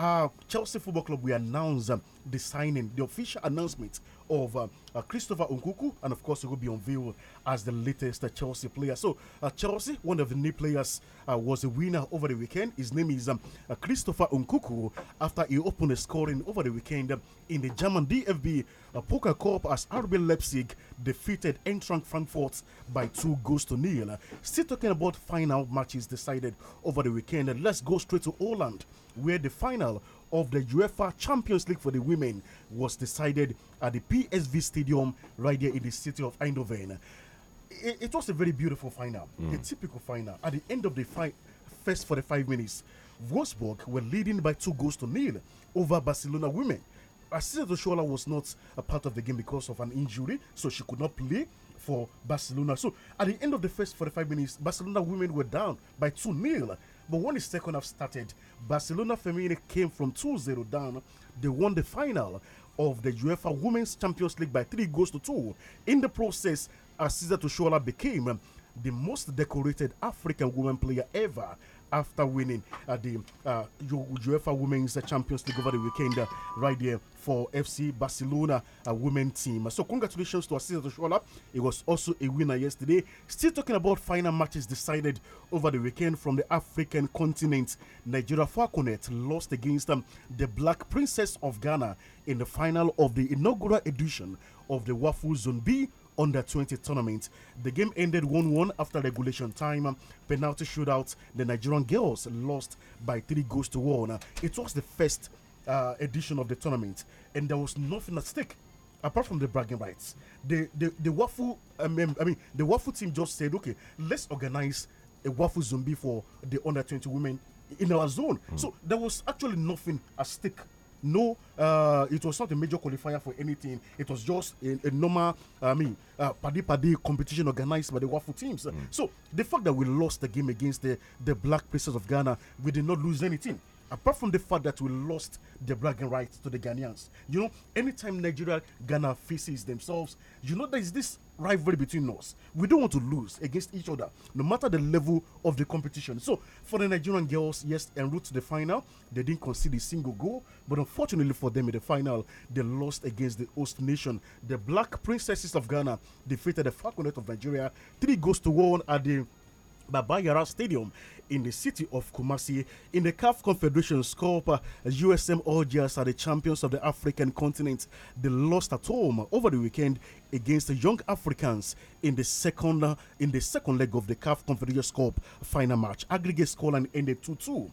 uh, Chelsea Football Club we announced um, the signing, the official announcement of uh, uh, Christopher Unkuku, and of course, he will be unveiled as the latest uh, Chelsea player. So, uh, Chelsea, one of the new players, uh, was a winner over the weekend. His name is um, Christopher Unkuku after he opened a scoring over the weekend um, in the German DFB Poker Cup as RB Leipzig defeated Eintracht Frankfurt by two goals to nil. Still talking about final matches decided over the weekend, let's go straight to Holland where the final of the UEFA Champions League for the women was decided at the PSV Stadium right here in the city of Eindhoven. It, it was a very beautiful final, mm. a typical final. At the end of the fi first 45 minutes, Wolfsburg were leading by two goals to nil over Barcelona women. Asisa Doshola was not a part of the game because of an injury, so she could not play for Barcelona. So at the end of the first 45 minutes, Barcelona women were down by 2 0 but when the second half started, Barcelona Femini came from 2 0 down. They won the final of the UEFA Women's Champions League by three goals to two. In the process, Aziza Tushola became the most decorated African woman player ever after winning the uh, UEFA Women's Champions League over the weekend uh, right there for FC Barcelona uh, women team. So congratulations to Asisa Shola. It was also a winner yesterday. Still talking about final matches decided over the weekend from the African continent. Nigeria Falconet lost against um, the Black Princess of Ghana in the final of the inaugural edition of the Waffle Zone B under 20 tournament. The game ended 1 1 after regulation time, penalty shootout. The Nigerian girls lost by three goals to one. It was the first uh, edition of the tournament, and there was nothing at stake apart from the bragging rights. The the, the waffle I um, mean, um, I mean the waffle team just said, okay, let's organize a waffle zombie for the under 20 women in our zone. Mm. So there was actually nothing at stake no, uh, it was not a major qualifier for anything. It was just a, a normal, I mean, uh, paddy paddy competition organized by the Waffle teams. Mm. So the fact that we lost the game against the, the Black princes of Ghana, we did not lose anything apart from the fact that we lost the bragging rights to the Ghanaians. You know, anytime Nigeria Ghana faces themselves, you know there's this rivalry between us. We don't want to lose against each other, no matter the level of the competition. So, for the Nigerian girls, yes, en route to the final, they didn't concede a single goal, but unfortunately for them in the final, they lost against the host nation. The Black Princesses of Ghana defeated the Falconet of Nigeria three goals to one at the Baba Yara Stadium in the city of Kumasi. In the CAF Confederation Cup, uh, USM Algiers are the champions of the African continent. They lost at home over the weekend against the Young Africans in the second uh, in the second leg of the CAF Confederation Cup final match. Aggregate scoreline ended 2-2.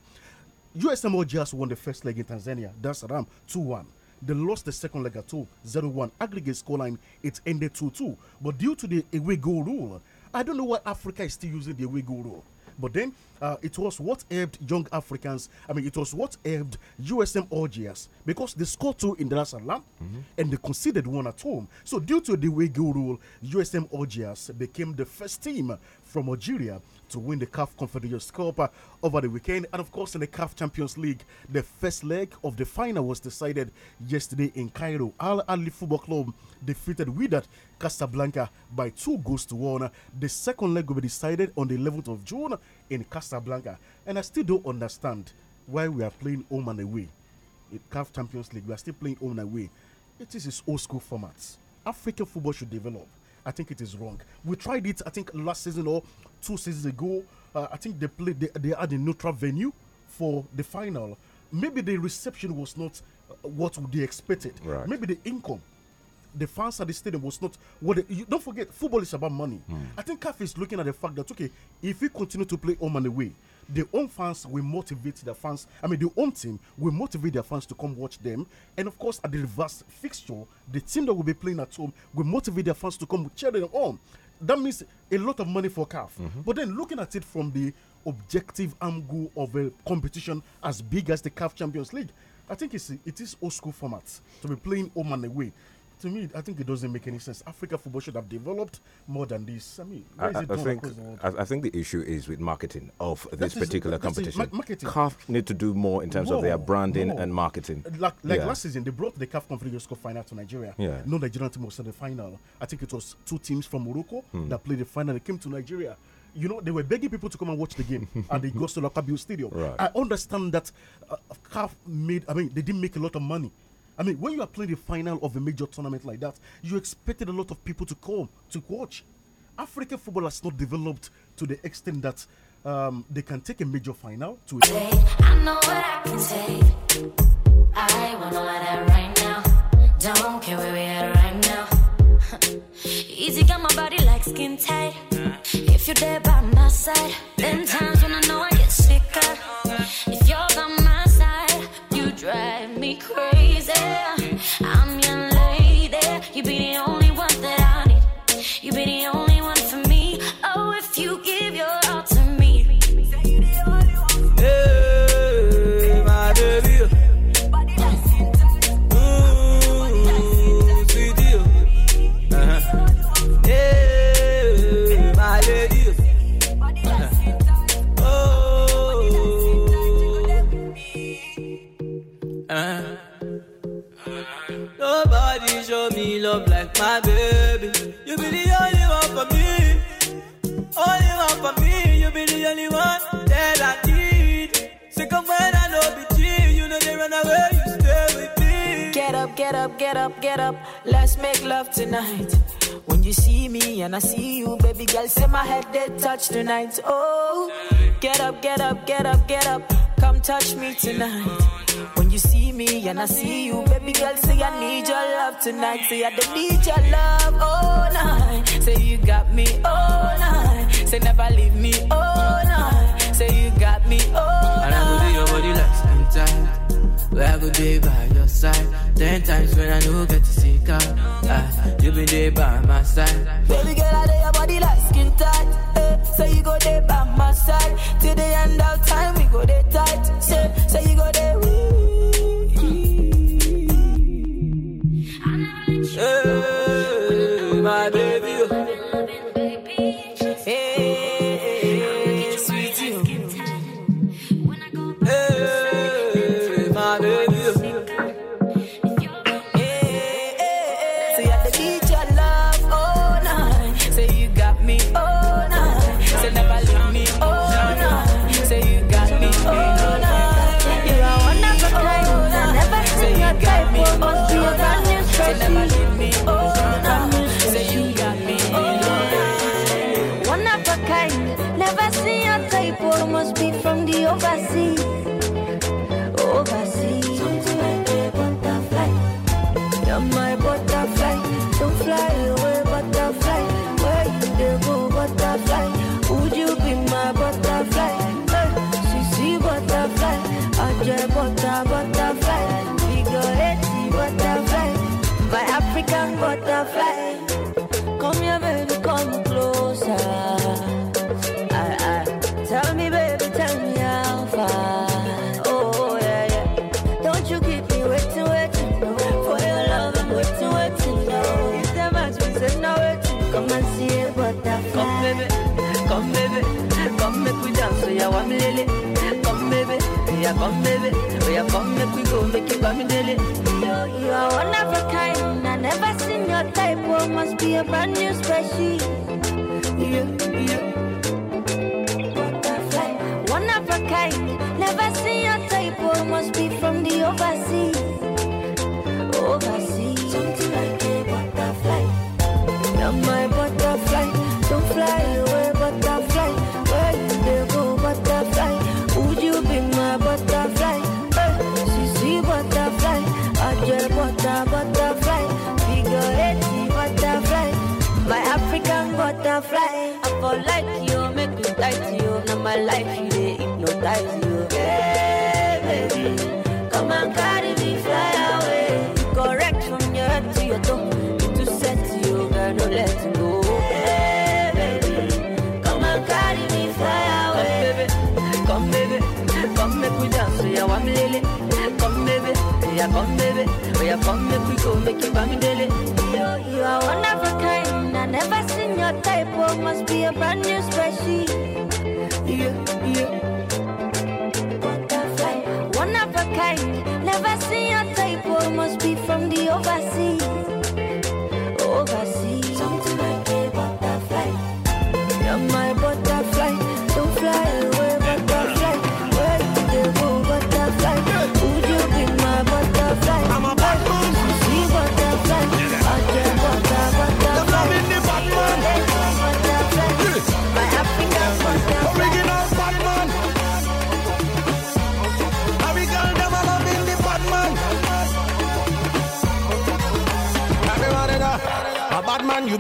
USM Algiers won the first leg in Tanzania, Dar es Salaam 2-1. They lost the second leg at 2 0 1. Aggregate scoreline, it ended 2 2. But due to the away goal rule, I don't know why Africa is still using the away goal rule. But then uh, it was what helped young Africans. I mean, it was what helped USM Algiers because they scored two in the last Salaam mm -hmm. and they conceded one at home. So due to the goal rule, USM Algiers became the first team from Algeria to win the CAF Confederations Cup over the weekend. And of course, in the CAF Champions League, the first leg of the final was decided yesterday in Cairo. Al Ali Football Club defeated Wydad Casablanca by two goals to one. The second leg will be decided on the 11th of June in Casablanca. And I still don't understand why we are playing home and away. In CAF Champions League, we are still playing home and away. It is its old school format. African football should develop I think it is wrong. We tried it, I think, last season or two seasons ago. Uh, I think they played, they, they had a neutral venue for the final. Maybe the reception was not uh, what they expected. Right. Maybe the income, the fans at the stadium was not what. They, you, don't forget, football is about money. Mm. I think CAF is looking at the fact that okay, if we continue to play home and away, the home fans will motivate their fans. I mean, the home team will motivate their fans to come watch them. And of course, at the reverse fixture, the team that will be playing at home will motivate their fans to come cheer them on. That means a lot of money for CAF. Mm -hmm. But then looking at it from the objective angle of a competition as big as the CAF Champions League, I think it's, it is old school format to be playing home and away to me, I think it doesn't make any sense. Africa football should have developed more than this. I mean, I, I think I, I, think the issue is with marketing of this particular competition. ma marketing. CAF need to do more in terms more, of their branding more. and marketing. Like, like yeah. last season, they brought the CAF Confederation Cup final to Nigeria. Yeah. No Nigerian team was in the final. I think it was two teams from Morocco hmm. that played the final. They came to Nigeria you know, they were begging people to come and watch the game, and they go to Lockerbie Stadium. Right. I understand that uh, CAF made, I mean, they didn't make a lot of money I mean, when you are playing the final of a major tournament like that, you expected a lot of people to come to watch. African football has not developed to the extent that um, they can take a major final to it. I know what I can take. I want all of that right now. Don't care where we are right now. Easy got my body like skin tight. If you're there by my side, then times when I know I get sicker. If you're by my side, you drive me crazy. I'm your lady. You be the only one that I need. You be the only show me love like my baby. You be the only one for me. Only one for me. You be the only one that I need. Second when I know be cheap. You know they run away. You stay with me. Get up, get up, get up, get up. Let's make love tonight. When you see me and I see you, baby girl, say my head they touch tonight. Oh, get up, get up, get up, get up. Come touch me tonight. When you see me and I see you, baby girl, say I need your love tonight. Say I don't need your love all night. Say you got me all night. Say never leave me all night. Say you got me all night. And I could be your body like skin tight. Where I could be by your side. Ten times when I know get to see out. Uh, ah, you be there by my side. Baby girl, I know your body like skin tight. Eh, say you go there by my outside. Till the end of time, we go there tight. Say Oya come baby, oya come make we go make you come daily. You, are one of a kind, I never seen your type. Oh, must be a brand new species. my life, you they hypnotize you. Oh. Hey, baby, come and carry me, fly away. You correct from your head to your toe. You too set to you, girl, no letting go. Hey, baby, come and carry me, fly away. Come, baby, come, baby, come make we dance, so yeah, i Come, baby, yeah, come, baby, oh, yeah, come make we go, make you bam daily. You, you are one of a kind, I never seen your type, oh, must be a brand new species. salvação.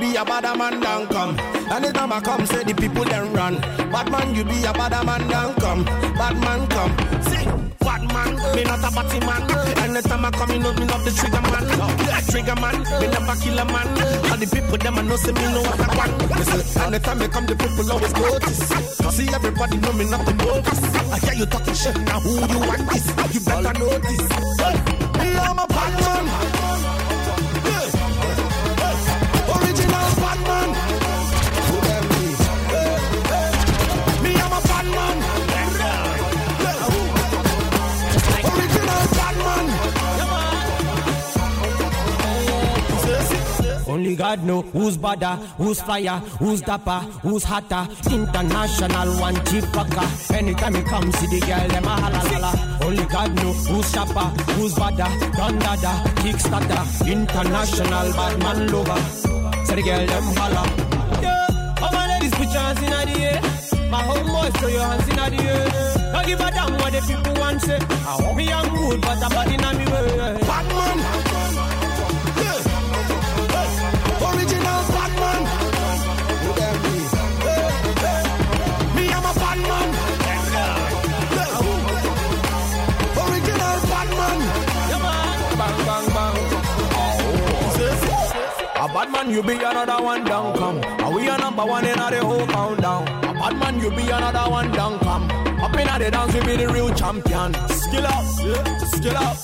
you be a bad man, don't come. Anytime I come, say the people then run. Bad man, you be a bad man, don't come. Bad man, come. Sing. Bad man, me not a batty man. Anytime I come, you know me not the trigger man. Trigger man, me never kill a man. All the people them I know say me know what I want. Listen, anytime I come, the people always notice. See everybody know me not the bogus. I hear you talking shit now. Who you want this? You better know this. Me I'm a bad man. Only God know who's badder, who's flyer, who's dapper, who's hotter. International one cheap packer. Anytime he comes, see the girl, them a halala. Only God know who's sharper, who's badder, dundada, kickstarter. International bad man lover. Say the girl, them holla. Yeah, all my ladies put your hands in the air. My homeboys throw your hands in the air. Don't give a damn what the people want say. I want me young good, but I'm bad in my way. Bad man. bad man, you be another one down come. Are we a number one in the whole countdown? A bad man, you be another one down come. Up in the dance, we be the real champion. Skill up, skill up.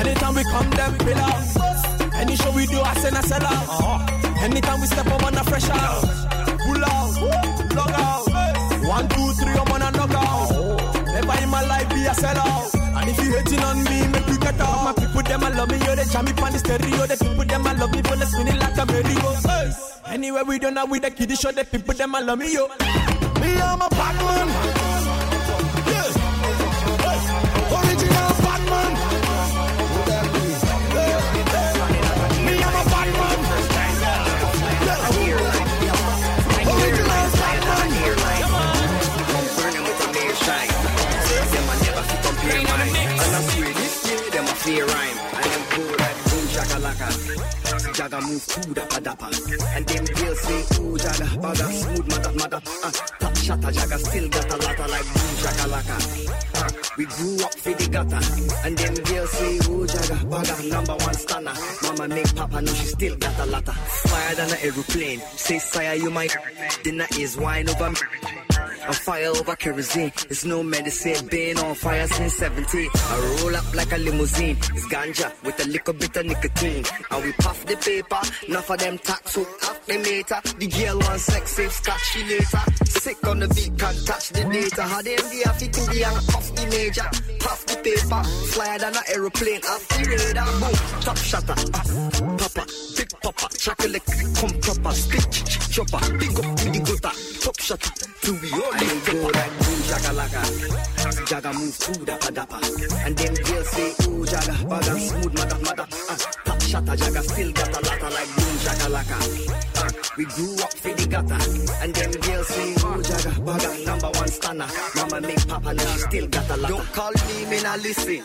Anytime we come, them fill up. Any show we do, I send a sell out. Anytime we step up on the fresh out. Pull out, log out. One, two, three, I'm on a knockout. Never in my life be a sellout. And if you hating on me, them I love me, yo, they jam me on the stereo. The people them I love me, but they spin it like a merry-go. Hey. Anywhere we don't know, we the kiddie show. The people them I love me, yo. Me, I'm a Batman. Yeah. Hey. Original. Jagger. Jagger move to the padapas. And them girls say, ooh, jaga bagger, smooth mother, mother. Ah, top shot a jaga, still got a lot of like boom, Jagger, uh, we grew up for the gutter. And them girls say, ooh, jaga bagger, number one stunner. Mama make papa know she still got a lot of. Fire than an aeroplane. Say, sire, you my Dinner is wine over me. On fire over kerosene. It's no medicine. Been on fire since 17. I roll up like a limousine. It's ganja with a little bit of nicotine. And we puff the paper. Enough of them tax hook up the meter. The girl wants sex safe scotch she later. Sick on the beat, can't touch the data. How the MDF to be and Puff the major. Puff the paper. Flyer than an aeroplane. Off the radar. Boom. Top shutter. papa. Big papa. Chocolate. Come proper. Speech. Chopper. Big up big the gutter. Top shutter. Do we all? Them girl like boom jaga laga, jaga move to da padapa. And them girls say ooh jaga, baga smooth mada mada. Uh, top shatta jaga still got a lotta like boom jaga laga. Uh, we grew up for the gutter, and them girls say ooh jaga, baga number one stunner. Mama make papa now she still got a lotta. Don't call me, me I listen.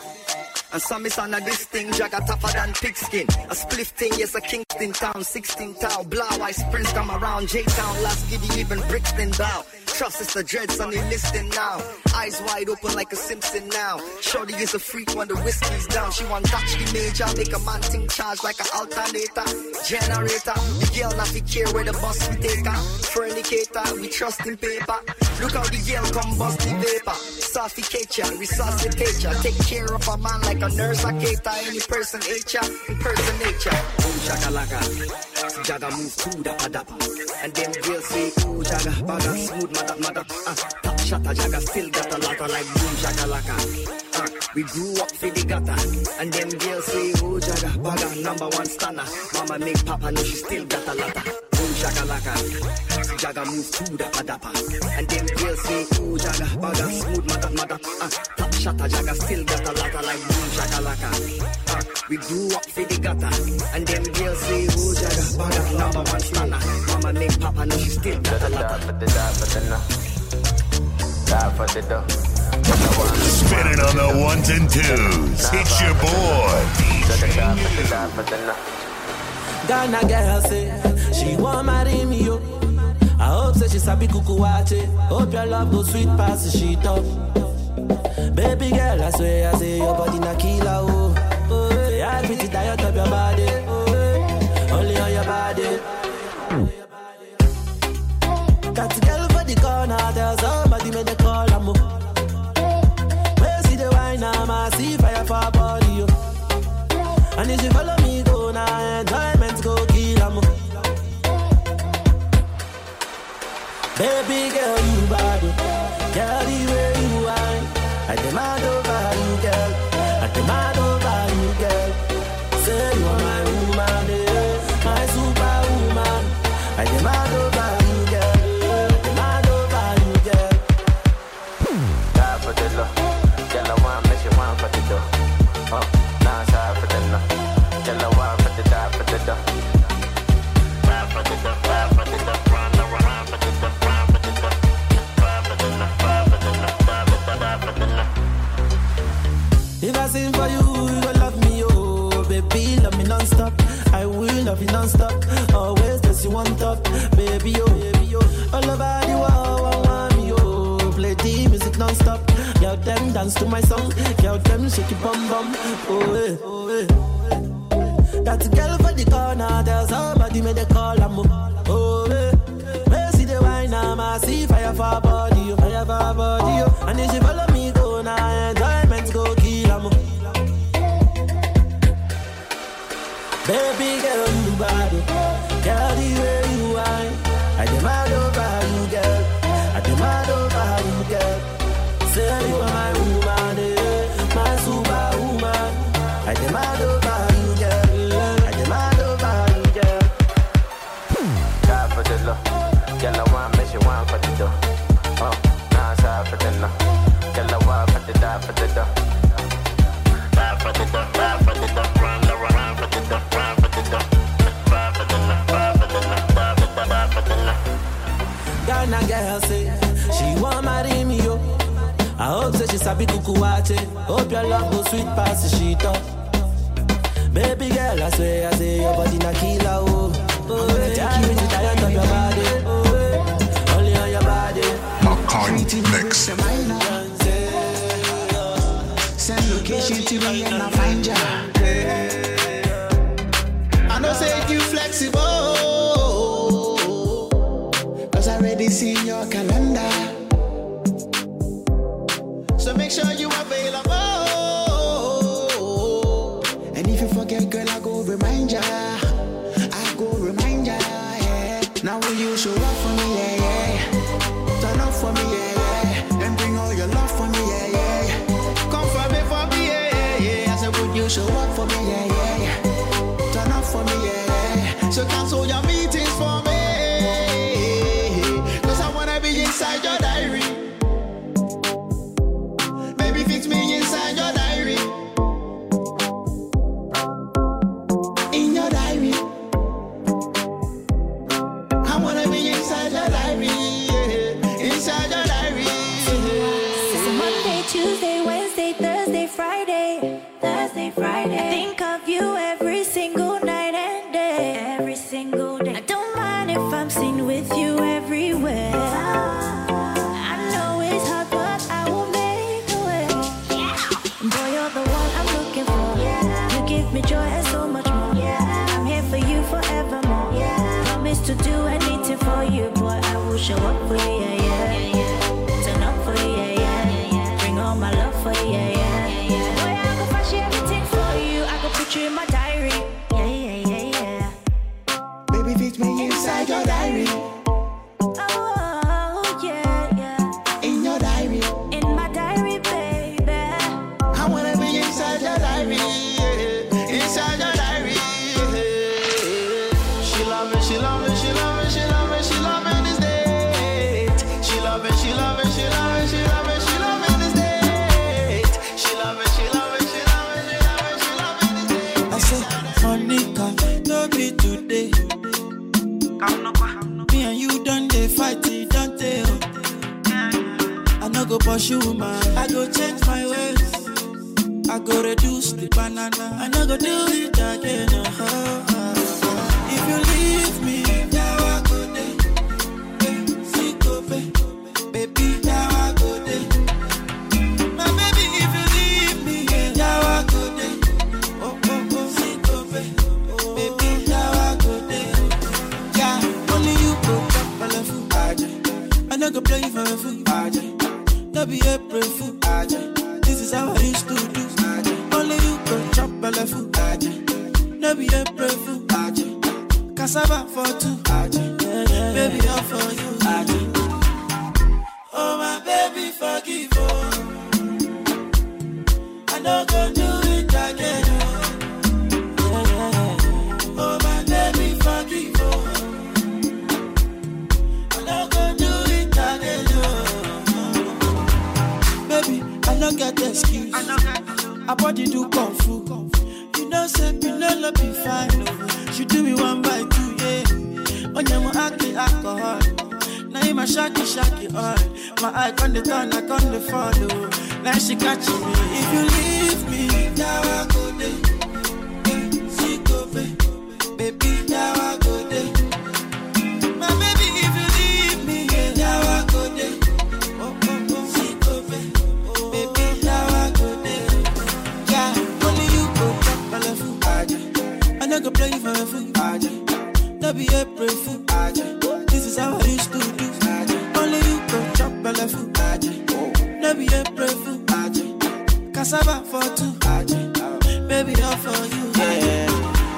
And some is on a this thing, jagger tougher than pigskin. A spliff thing, yes, a Kingston town, 16 town, blow, I sprints come around, J town, last giddy, even Brixton bow. Trust is the dreads on the listing now. Eyes wide open like a Simpson now. Shorty is a freak when the whiskey's down. She want touch the major, make a man think charge like an alternator, generator. The girl not be care where the bus we take her. Fornicator, we trust in paper. Look how the girl come bust the vapor. Sufficate ya, resuscitate ya. Take care of a man like a a nurse I cater any person, nature, impersonate ya. Boom shakalaka, jaga move to the padap. And them girls say, ooh jaga, baga, smooth madap madap. Uh, top shot a jaga, still got a lot of like boom shakalaka. Uh, we grew up for the gutter. And them girls say, ooh jaga, baga, number one stunner. Mama make papa know she still got a lot of shakalaka. Jaga move to the adapa. And them girls say, ooh, jaga, baga, smooth, mother, mother. Uh, top shot, jaga, still got a lot of like, shakalaka. Uh, we grew up for the gutter, and them girls say, oh, Jaga, bada, number one stunner. Mama make papa know she still got a lot. Spin it on the ones and twos. It's your boy. Ghana girl say she want marry me yo. I hope say she sabi kuku watch Hope your love go sweet past she top. Baby girl, I swear I say your body na killer, oh. oh hey. Yeah, pretty diet up your body, oh, only on your body. Got the girl for the corner, tell somebody make the call, I'm up. Where see the wine, I'm a see fire for body, oh. And if you non-stop. Always you baby Oh. All over the world, yo. Play the music non-stop. Girl, them dance to my song. Girl, them shake your bum bum. Oh, eh. oh eh. Oh, eh. That girl for the corner, there's somebody made a call. I'm oh, eh. eh. Where see the wine, I'm a see fire for body, oh. fire for body. Oh. And if she follow me, go now, nah, enjoyment go kill. I'm Baby girl, bottle. say she wan marry me yo. Oh. I hope say she sabi kukuwache. Hope your love go sweet pass the she talk. Baby girl, I swear I say your body na killer oh. Oh, hey, take you to of your body. Oh, only on your body. Makai next. Send location to me and I pray food. This is how I used to do. Only you can chop belle food. No be a pray food. Cassava for two. Baby, I'm for you. Oh my baby, forgive. me. Oh. I not go do. excuse. Her body do kung fu. You know, say, you know, love be fine. No. She do me one by two, yeah. On your monkey alcohol. Now you my shaky, shaky, all. My eye on the turn, I on the follow. Now she catching me. If you leave me, now I go I play for a fool. That be a brave food. This is how I used to do. Only you can chop a fool. That be a brave food. Cassava for two. Baby, all for you. Yeah,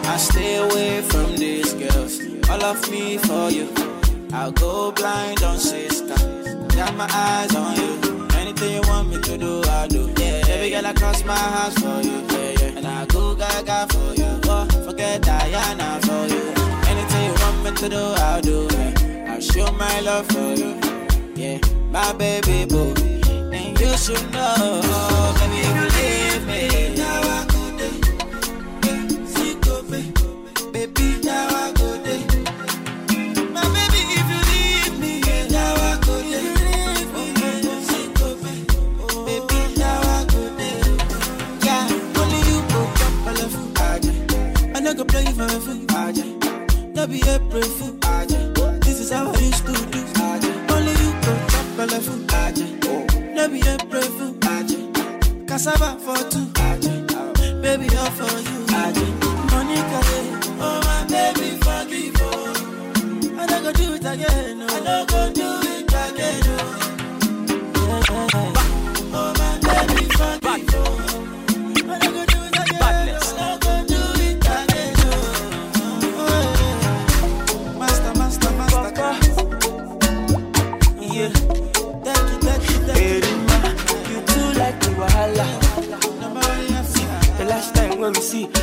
I stay away from these girls. All of me for you. I'll go blind on sister. Got my eyes on you. Anything you want me to do, i do. Yeah, every girl I cross my house for you. Yeah, yeah. And I'll go gaga for you said Diana for you. Anything you want me to do, I'll do it. I'll show my love for you. Yeah, my baby boo. And you should know, baby. That be a pray food. This is how I used to do. Only you go top my life food. That be a pray food. Cassava for two. Baby, all for you. Monica, oh my baby, forgive. me. Oh. I don't go do it again. No. Oh. I don't go do it.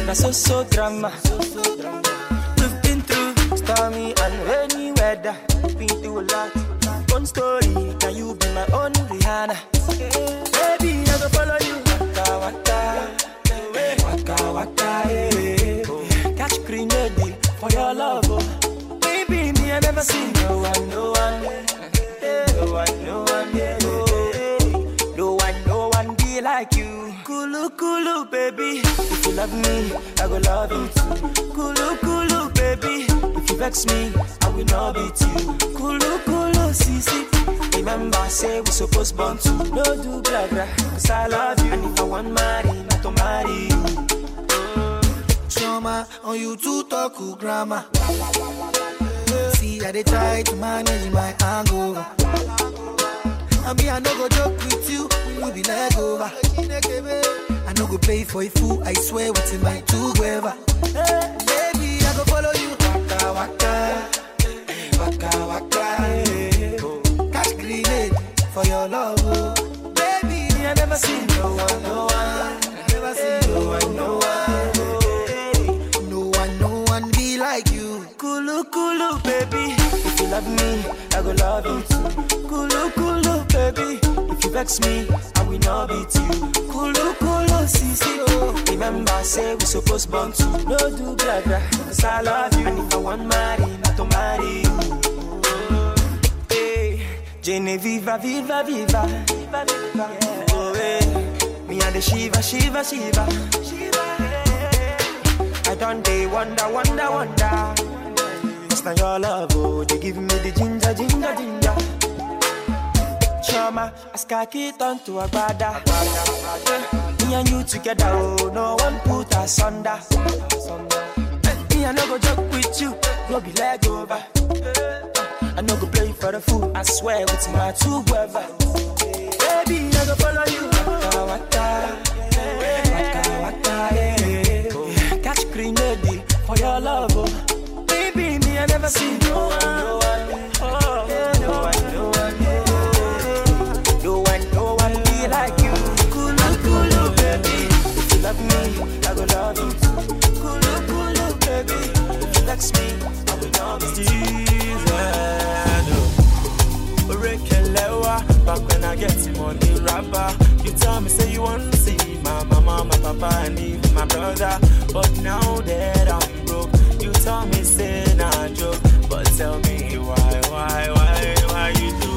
na so so drama. We've been through stormy and rainy weather. Been through a lot. One story, can you be my own Rihanna? Baby, I go follow you. Waka waka, waka waka, hey. Eh. Catch green lady for your love, oh. Baby, me I never seen no one. know. Kulu kulu baby, if you love me, I will love you too. Kulu kulu baby, if you vex me, I will not beat you. Kulu kulu sisi, remember say we supposed born to no do blah blah. Cause I love you, and if I want marry, not to marry you. Trauma on you to talk grammar. See, I they try to manage my anger. I mean I no go joke with you you be leg over. Oh, ah. I no go play for a fool, I swear what's in my two Hey, eh, Baby, I go follow you. Waka waka, eh, waka waka. Eh, catch grenade for your love. Oh. Baby, I never seen no one, no one. I never seen no one, no one. Oh. No one, no one be like you. Kulu kulu, baby. If you love me, I go love you Kulu kulu, baby. You vex me, and we not beat you. Kulu kulu sisi oh. Remember, say we supposed born to no do blah blah. Cause I love you, and if I want marry, not to marry you. Mm. Hey, Jenny, viva, viva, viva. viva, viva. Yeah. Oh, hey. Me and the Shiva, Shiva, Shiva. Shiva yeah. I don't day wonder, wonder, wonder. Cause now your love, oh, you give me the ginger, ginger, ginger normal. I sky to a brother. Me and you together, oh, no one put us under. Me, I no go joke with you, no be leg over. I no go play for the fool, I swear with my two brother. Baby, I go follow you. Waka waka, waka waka, yeah. Catch green lady for your love, oh. Baby, me I never see no one. Oh, yeah, no one. text me. Steven, Orekelewa, back when I get him money, rapper. You tell me, say you want to see my mama, my papa, and even my brother. But now that I'm broke, you tell me, say, nah, joke. But tell me why, why, why, why you do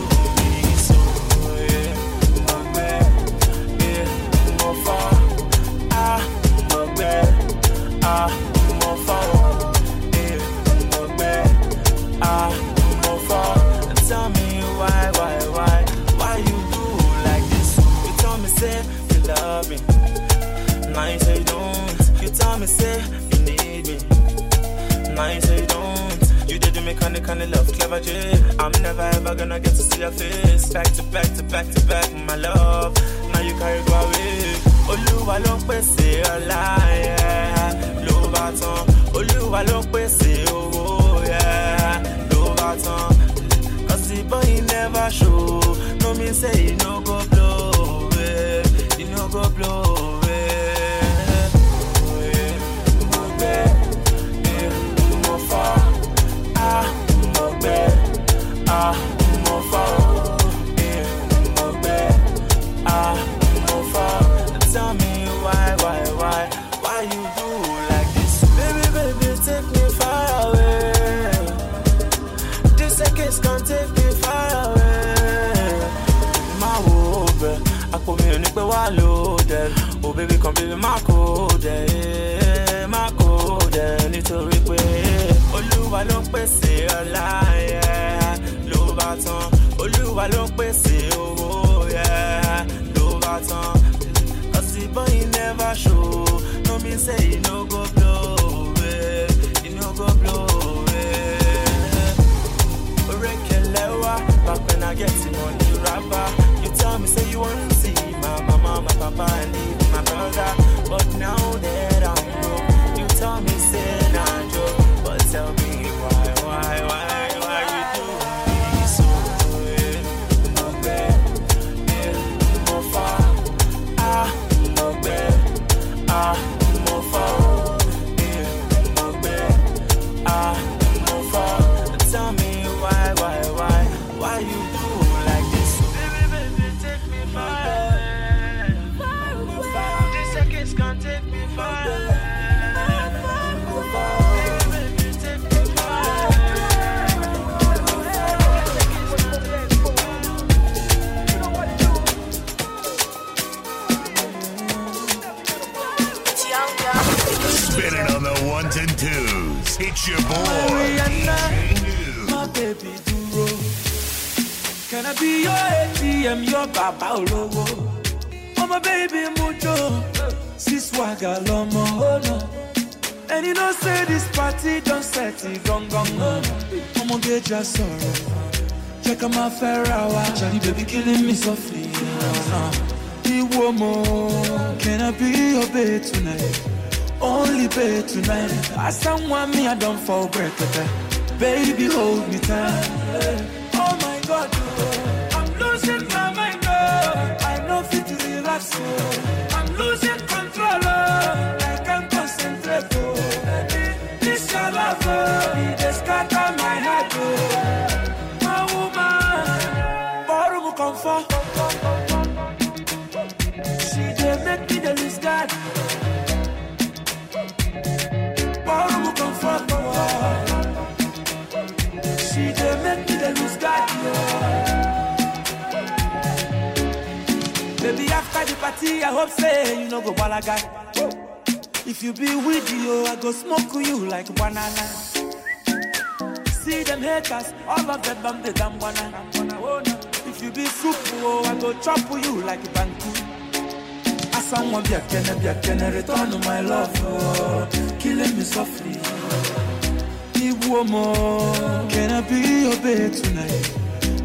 Tell me, say, you need me. Now you say you don't. You did me kinda kinda love, clever J. I'm never ever gonna get to see your face. Back to back to back to back, my love. Now you carry go away. Olúwa ló ń pèsè ọlá, ló bá tán. Olúwa ló ń pèsè owó, ló bá tán. Cause the boy never show. No me say he no go blow away, he no go blow away. pèsè owó ló bá tán ọsibọ́ yìí never show no mean say you no go blow away you no go blow away. orekele wa back when i get money rapper you tell me say you wan see my mama my papa and even my brother but now that i'm broke you tell me say na joke but tell me. ones and twos. It's your boy. Can I be your ATM, your baba olowo? Oh my baby mucho, sis wagalomo oh no. And you know say this party don't set it gong gong oh no. I'm gonna get your sorrow. Check out my Ferrawa, Johnny baby killing me softly. Uh, uh, Iwomo, can I be your babe tonight? Only pay tonight. As someone me, I don't fall breath. Baby, hold me tight. Oh my God, I'm losing my mind. I know fit to relax. I'm losing. party, I hope say you no go balaga. If you be with you, I go smoke you like banana. See them haters, all of them bam the damn banana. If you be super, oh, I go chop you like banku. Someone be a kenner, be a kenner, return to my love, oh, killing me softly. Iwomo, can I be your bed tonight?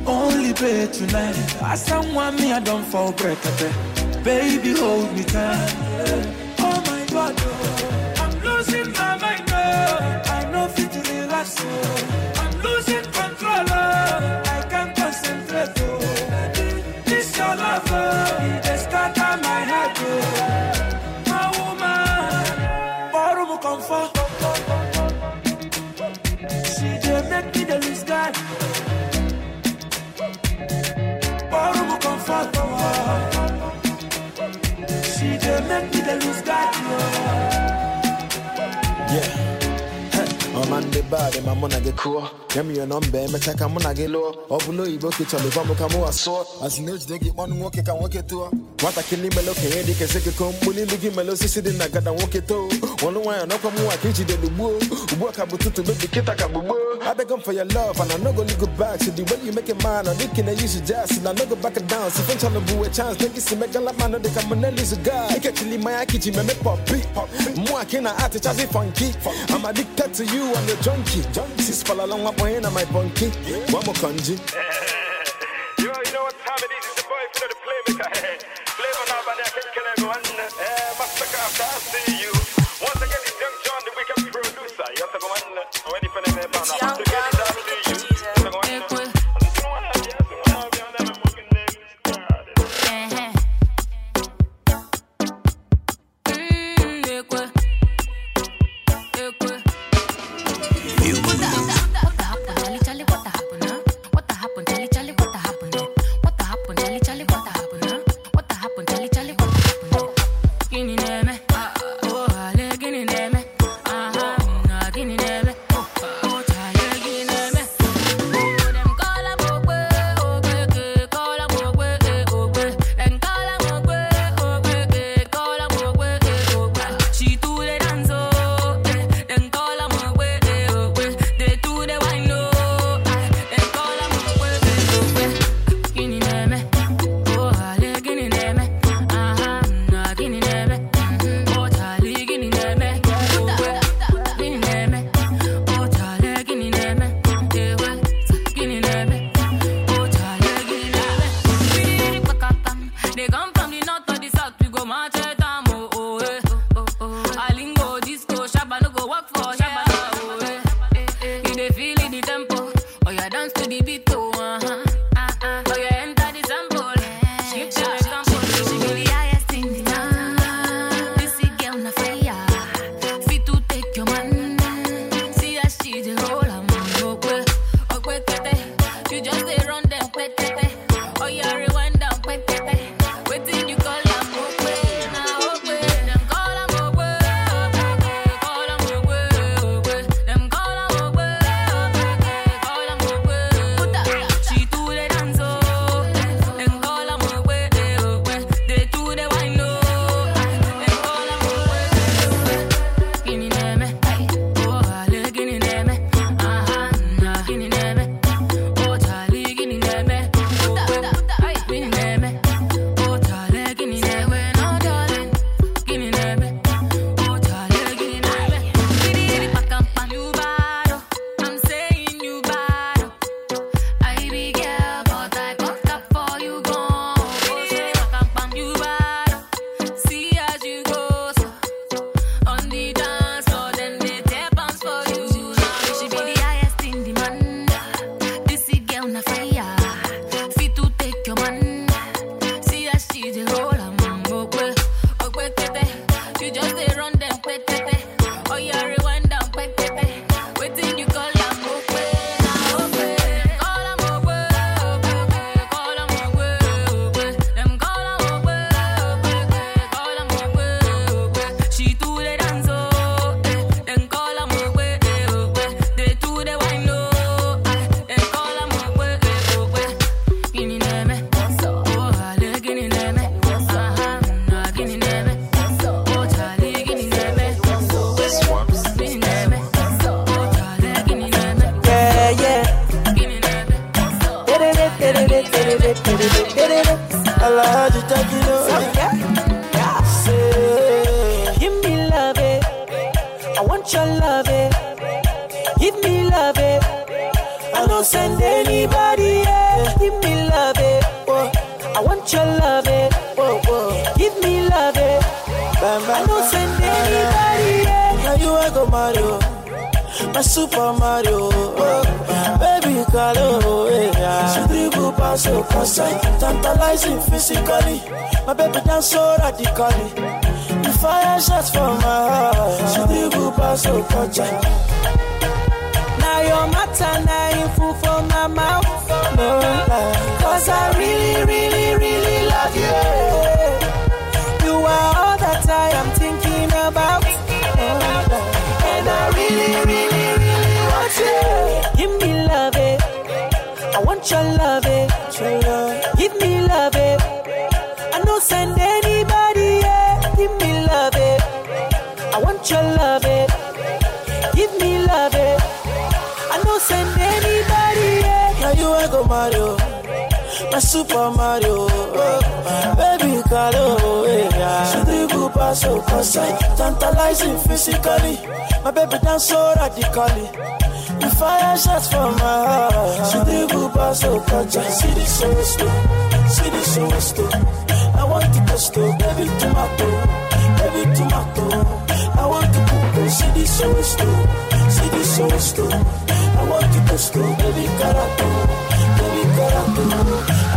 Only bed tonight. I someone me, I don't fall break, up bet. Baby, hold me tight. Oh my God, oh. I'm losing my mind. Oh. I know fit to relax. Oh. ndị bad ma mụ na gị kụọ nye m ya na mba emecha ka mụ na gị lụọ ọ bụla oyibo kechọrọ ịgwa m ka mụ asụọ azụ na ejide gị kpọnụ nwoke ka nwoke tụọ nwatakịrị mere okenye dị ka eze gị ko mkpụrụ ndị gị mere osisi dị na gada nwoke too ọlụ nwaanyị n'ọkwa m nwa ka ijidere ugbuo ugbu a ka bụ tutu bebi kịta ka bụ gboo I beg for your love and I no go go back to the way you make it mine. I'm looking at you should just and I no go back and down. So if I'm trying to do a chance, you think it's a mega lot man. They come and lose a guy. You can't really my kitchen, me make pop beat. More can I act, it's just funky. I'm addicted to you and the Junkie, junkie, sis fall along my boy and my punky. One more kanji. Yo, you know what time it is? It's the boy from the playmaker. Flavor now, but I can not kill everyone. Eh, massacre after I see you. Once again, it's Young John, the wicked producer. You have to go on. Ready for the man, man. you physically. My baby dance so radically. You fire shots from my heart. See the gooba so kaja. See the so slow. See the so slow. I want to taste to baby tomato. Baby tomato. I want to cook. See the so slow. See the so slow. I want to taste to baby carato. Baby carato.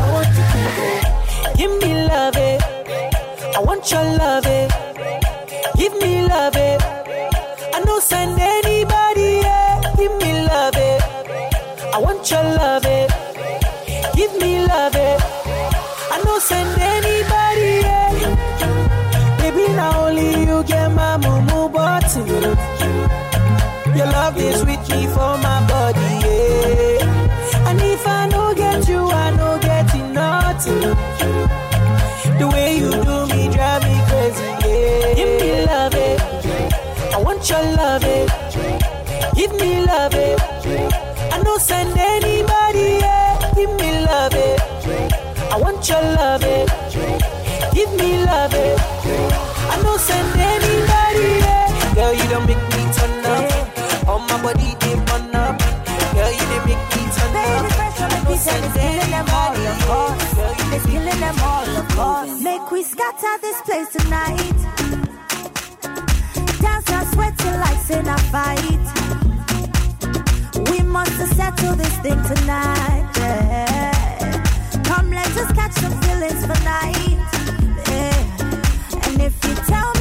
I want to cook. Give me love, eh. I want your love, eh. I want your love, it. Eh. Give me love, it. Eh. I don't send anybody, yeah. Baby, now only you get my mumu, button. Eh. Your love is with me for my body, yeah. And if I don't get you, I don't get you nothing. The way you do me drive me crazy, yeah. Give me love, it. I want your love, it. Give me love, it no send anybody, yeah. Give me love, it. Eh. I want your love, it. Eh. Give me love, it. Eh. I no send anybody, yeah. Girl, you don't make me turn up. All my body, they burn up. Girl, you don't make me turn up. I no send anybody, yeah. It's killing them all, of Make we scatter this place tonight. Dance and sweat till I say I fight wants to settle this thing tonight. Yeah. Come, let us catch some feelings for night. Yeah. And if you tell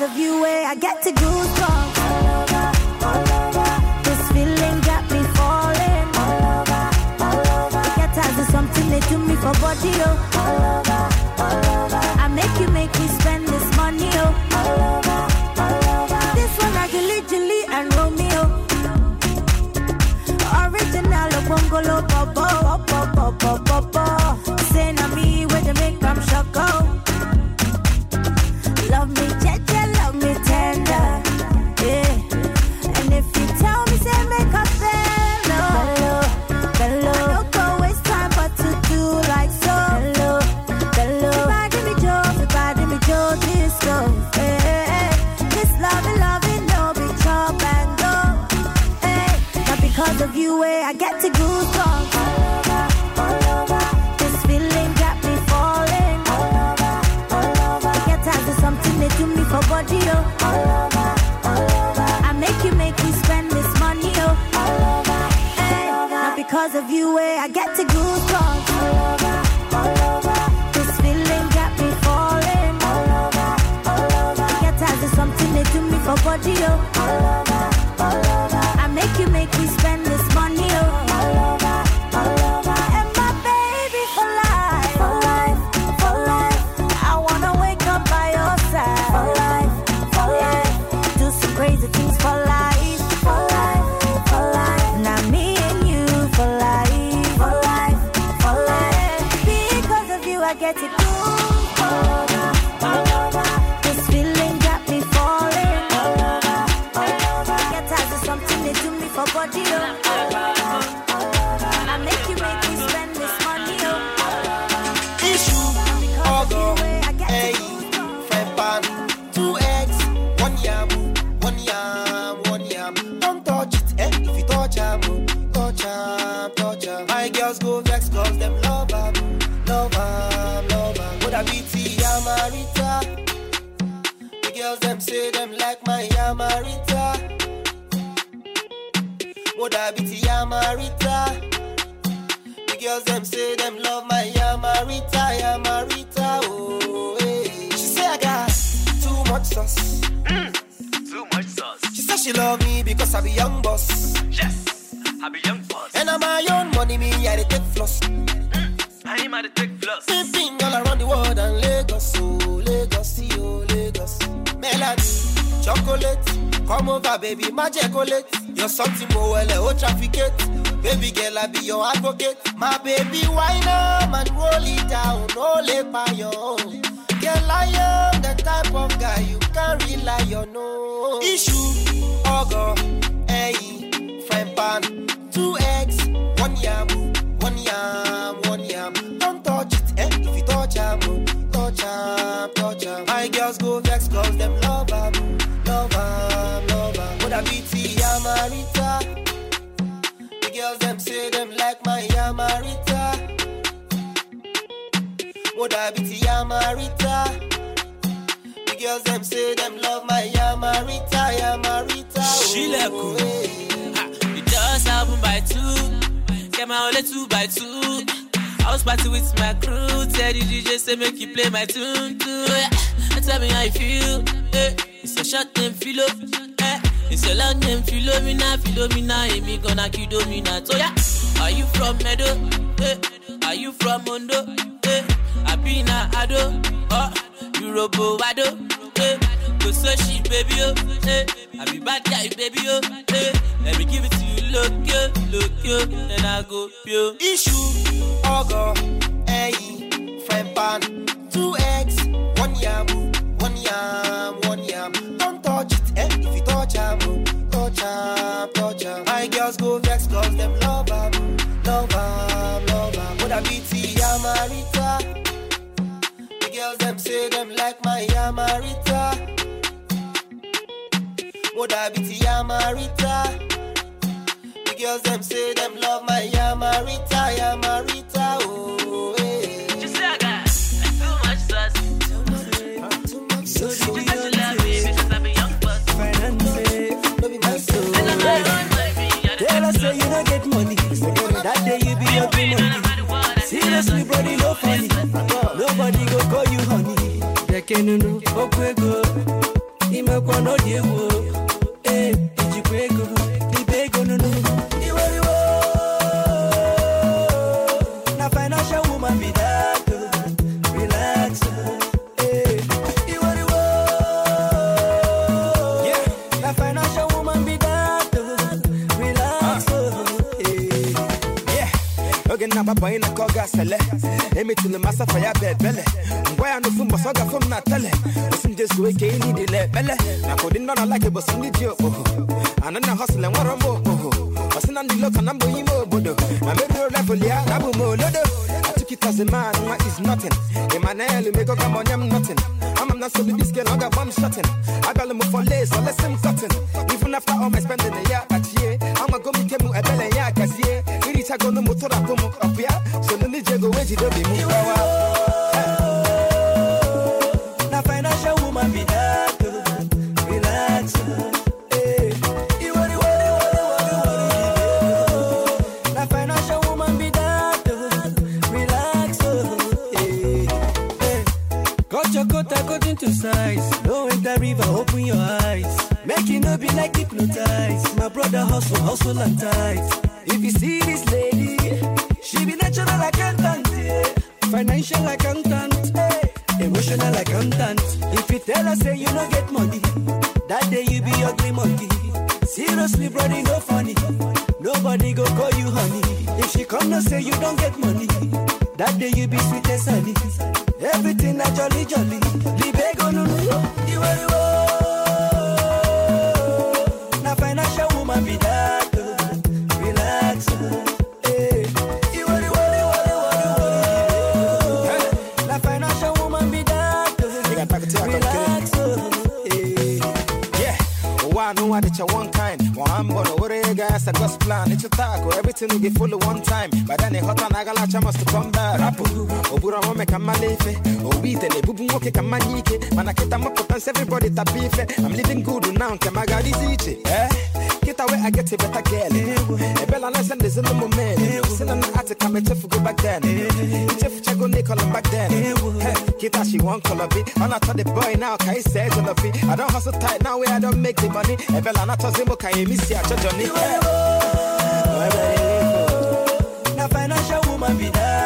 because of you where eh, I get to go This feeling got me falling something me body, oh, all over. Cause of you, where eh? I get to goosebumps This feeling got me falling something me body, oh. all over, all over. I make you make me spend. I be young boss. Yes, I be young boss. And I'm my own money, me I the take floss. Mm, I am my dey take floss. Pimping all around the world and Lagos, oh Lagos, oh Lagos. Melody, chocolate, come over baby, my chocolate. You're something more oh, well, oh trafficate. Baby girl, I be your advocate. My baby, wine up and roll it down, roll it by your own. Girl, I am the type of guy you can rely on. No oh. issue, oh girl pan. Two eggs, one yam, one yam, one yam. Don't touch it, eh? If you touch yam, oh, touch yam, touch yam. My girls go vex, cause them love am, love am, love am. Would I be yamarita? The girls them say them like my yamarita. Would I be yamarita? The girls them say them love my yamarita, yamarita. Oh, She like oh, my only two by two. I was party with my crew. Tell the DJ say make you play my tune too. Yeah. Tell me how you feel. Eh. It's a short name Philo. Eh. It's a long name Philomena. Philomena, Me gonna kill Domina. So yeah. Are you from Meadow? Eh. Are you from Mondo? Eh. Abina Ado. Oh. Eurobo oh, Ado. Eh. Go so shit, baby. Oh. Eh. I be bad guy, baby. Oh. Eh. Let me give it to you look you, look you, then I go pure. Issue, go, eyi, friend pan, two eggs, one yam, one yam, one yam. Don't touch it, eh? If you touch yam, oh, touch yam, touch yam. My girls go vex cause them love yam, love yam, love yam. Would I be yamarita? The girls them say them like my yamarita. What I be yamarita? girls them say them love my Yamarita, Yamarita, oh. Hey. Just I got Too much sauce. Too much, too much sauce. So she just love me because I'm a young boss. Finance, no be my soul. And I'm Tell us say you don't get money. That day you be your money. Seriously, brody, no funny. Nobody go call you honey. go? okwego. Imekwa no Oh, Eh, ijikwa go? papa ina koga sele emi tuni masa faya bebele ngwa ya nufu mbasoga fum na tele usim jesu weke ini dile bele na kodi ndono like bosim ni jio oho anana hustle nwaro mbo oho wasina ndilo kanambo yimo obodo na mebro level ya nabu mo lodo took it as a man, what is nothing. In my nail, you make a come on, I'm nothing. I'm not so busy, girl, I got one shutting. I got them for lace, so let's him cutting. Even after all my spending a year at year, I'm gonna go meet him, a bell and yeah, cause 차고는 못 돌아도 못 앞이야 손은 이제 고해지더니 무거워 나 financial woman 비다 water cut into size. No river, open your eyes. Make it no be like hypnotized. My brother hustle, hustle and tight. If you see this lady, she be natural accountant, yeah. financial accountant, yeah. emotional accountant. If you tell her say you no get money, that day you be ugly monkey. Seriously, brother, no funny. Nobody go call you honey. If she come no say you don't get money, that day you be sweet as honey. Everything naturally jolly. Libego no no. one, it's a one kind. Well, I'm gonna that's a God's plan. It's a taco. Everything will be full at one time. But then it hot and I got a must come back. Rapu, Obura Mome Kamalefe, Obite, Bubu Moke Kamanike, Manakita Mokotans, everybody tapife. I'm living good now, Kamagadi Zichi. Eh? Get away, I get a better girl. A eh, bella nice and there's a no man. Send an attic, I'm a chef go back then. Chef Chago Nicola back then. Kita, eh, she won't call a bit. And I told the boy now, Kai says on the I don't hustle tight now, where I don't make the money. A eh, bella not a Zimo Kai, Missy, I Johnny oh, my beautiful. Now financial woman be there.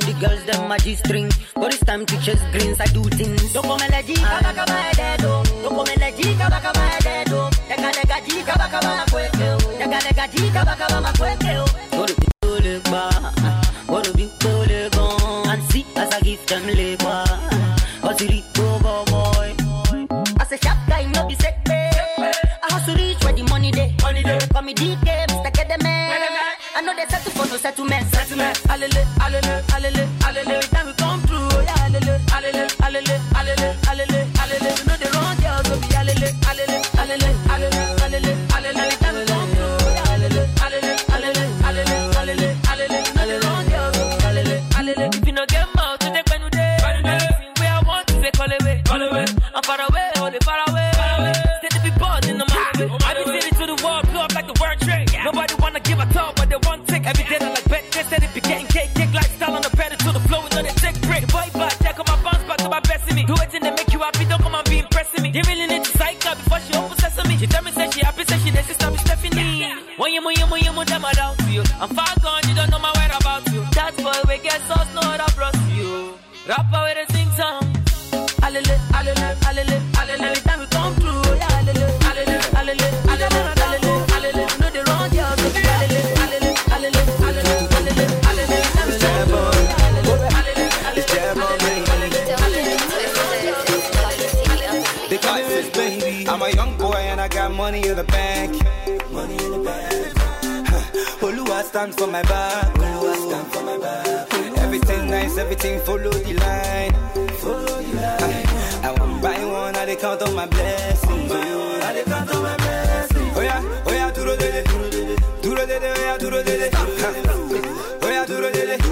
the girls them magic G-string. But it's time to chase greens I do things. Don't come and jika baka ba ededo. Don't come and jika baka ba ededo. Nega nega jika baka ba makwekeo. Nega nega jika baka ba makwekeo. them with them you. I'm far gone, you don't know my whereabouts. You That's why we get sauce, no other bros you. Rapper with a sing song. Alele, alele, alele, alele. time we come through, alele, alele, alele, alele, alele, the It's It's Baby. I'm a young boy and I got money in the bank stand for my back. stand for my back. Everything nice, everything follow the line. Follow the line. I, I one by one, I they count on my blessings. One by one, I they count on my blessings. Oh yeah, oh yeah, duro dele, duro dele, duro dele, oh yeah, duro dele. Oh yeah, duro dele.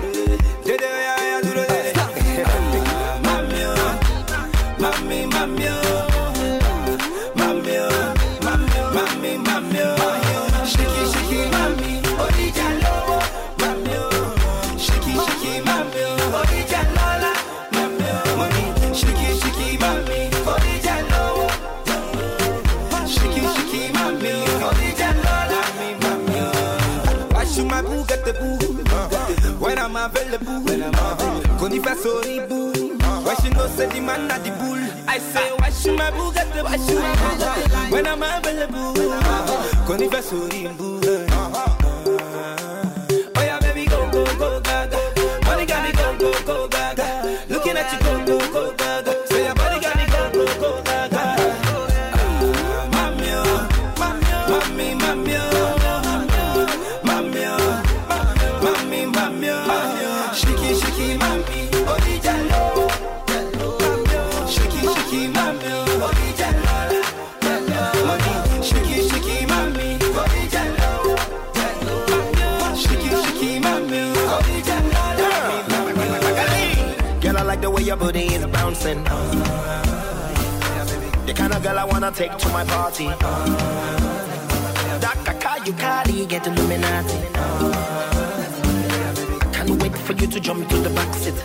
man at the bull. I say, wash my Bugatti, wash my Bugatti. When I'm available, uh-huh. Conifer Sorimbu. dancing. The kind of girl I wanna take to my party. That Kaka you carry, get Illuminati. can't wait for you to jump to the back seat.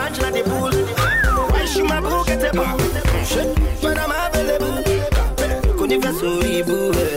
bachelor the pool. Why she my boo get a boo? Shit, when I'm available. Couldn't even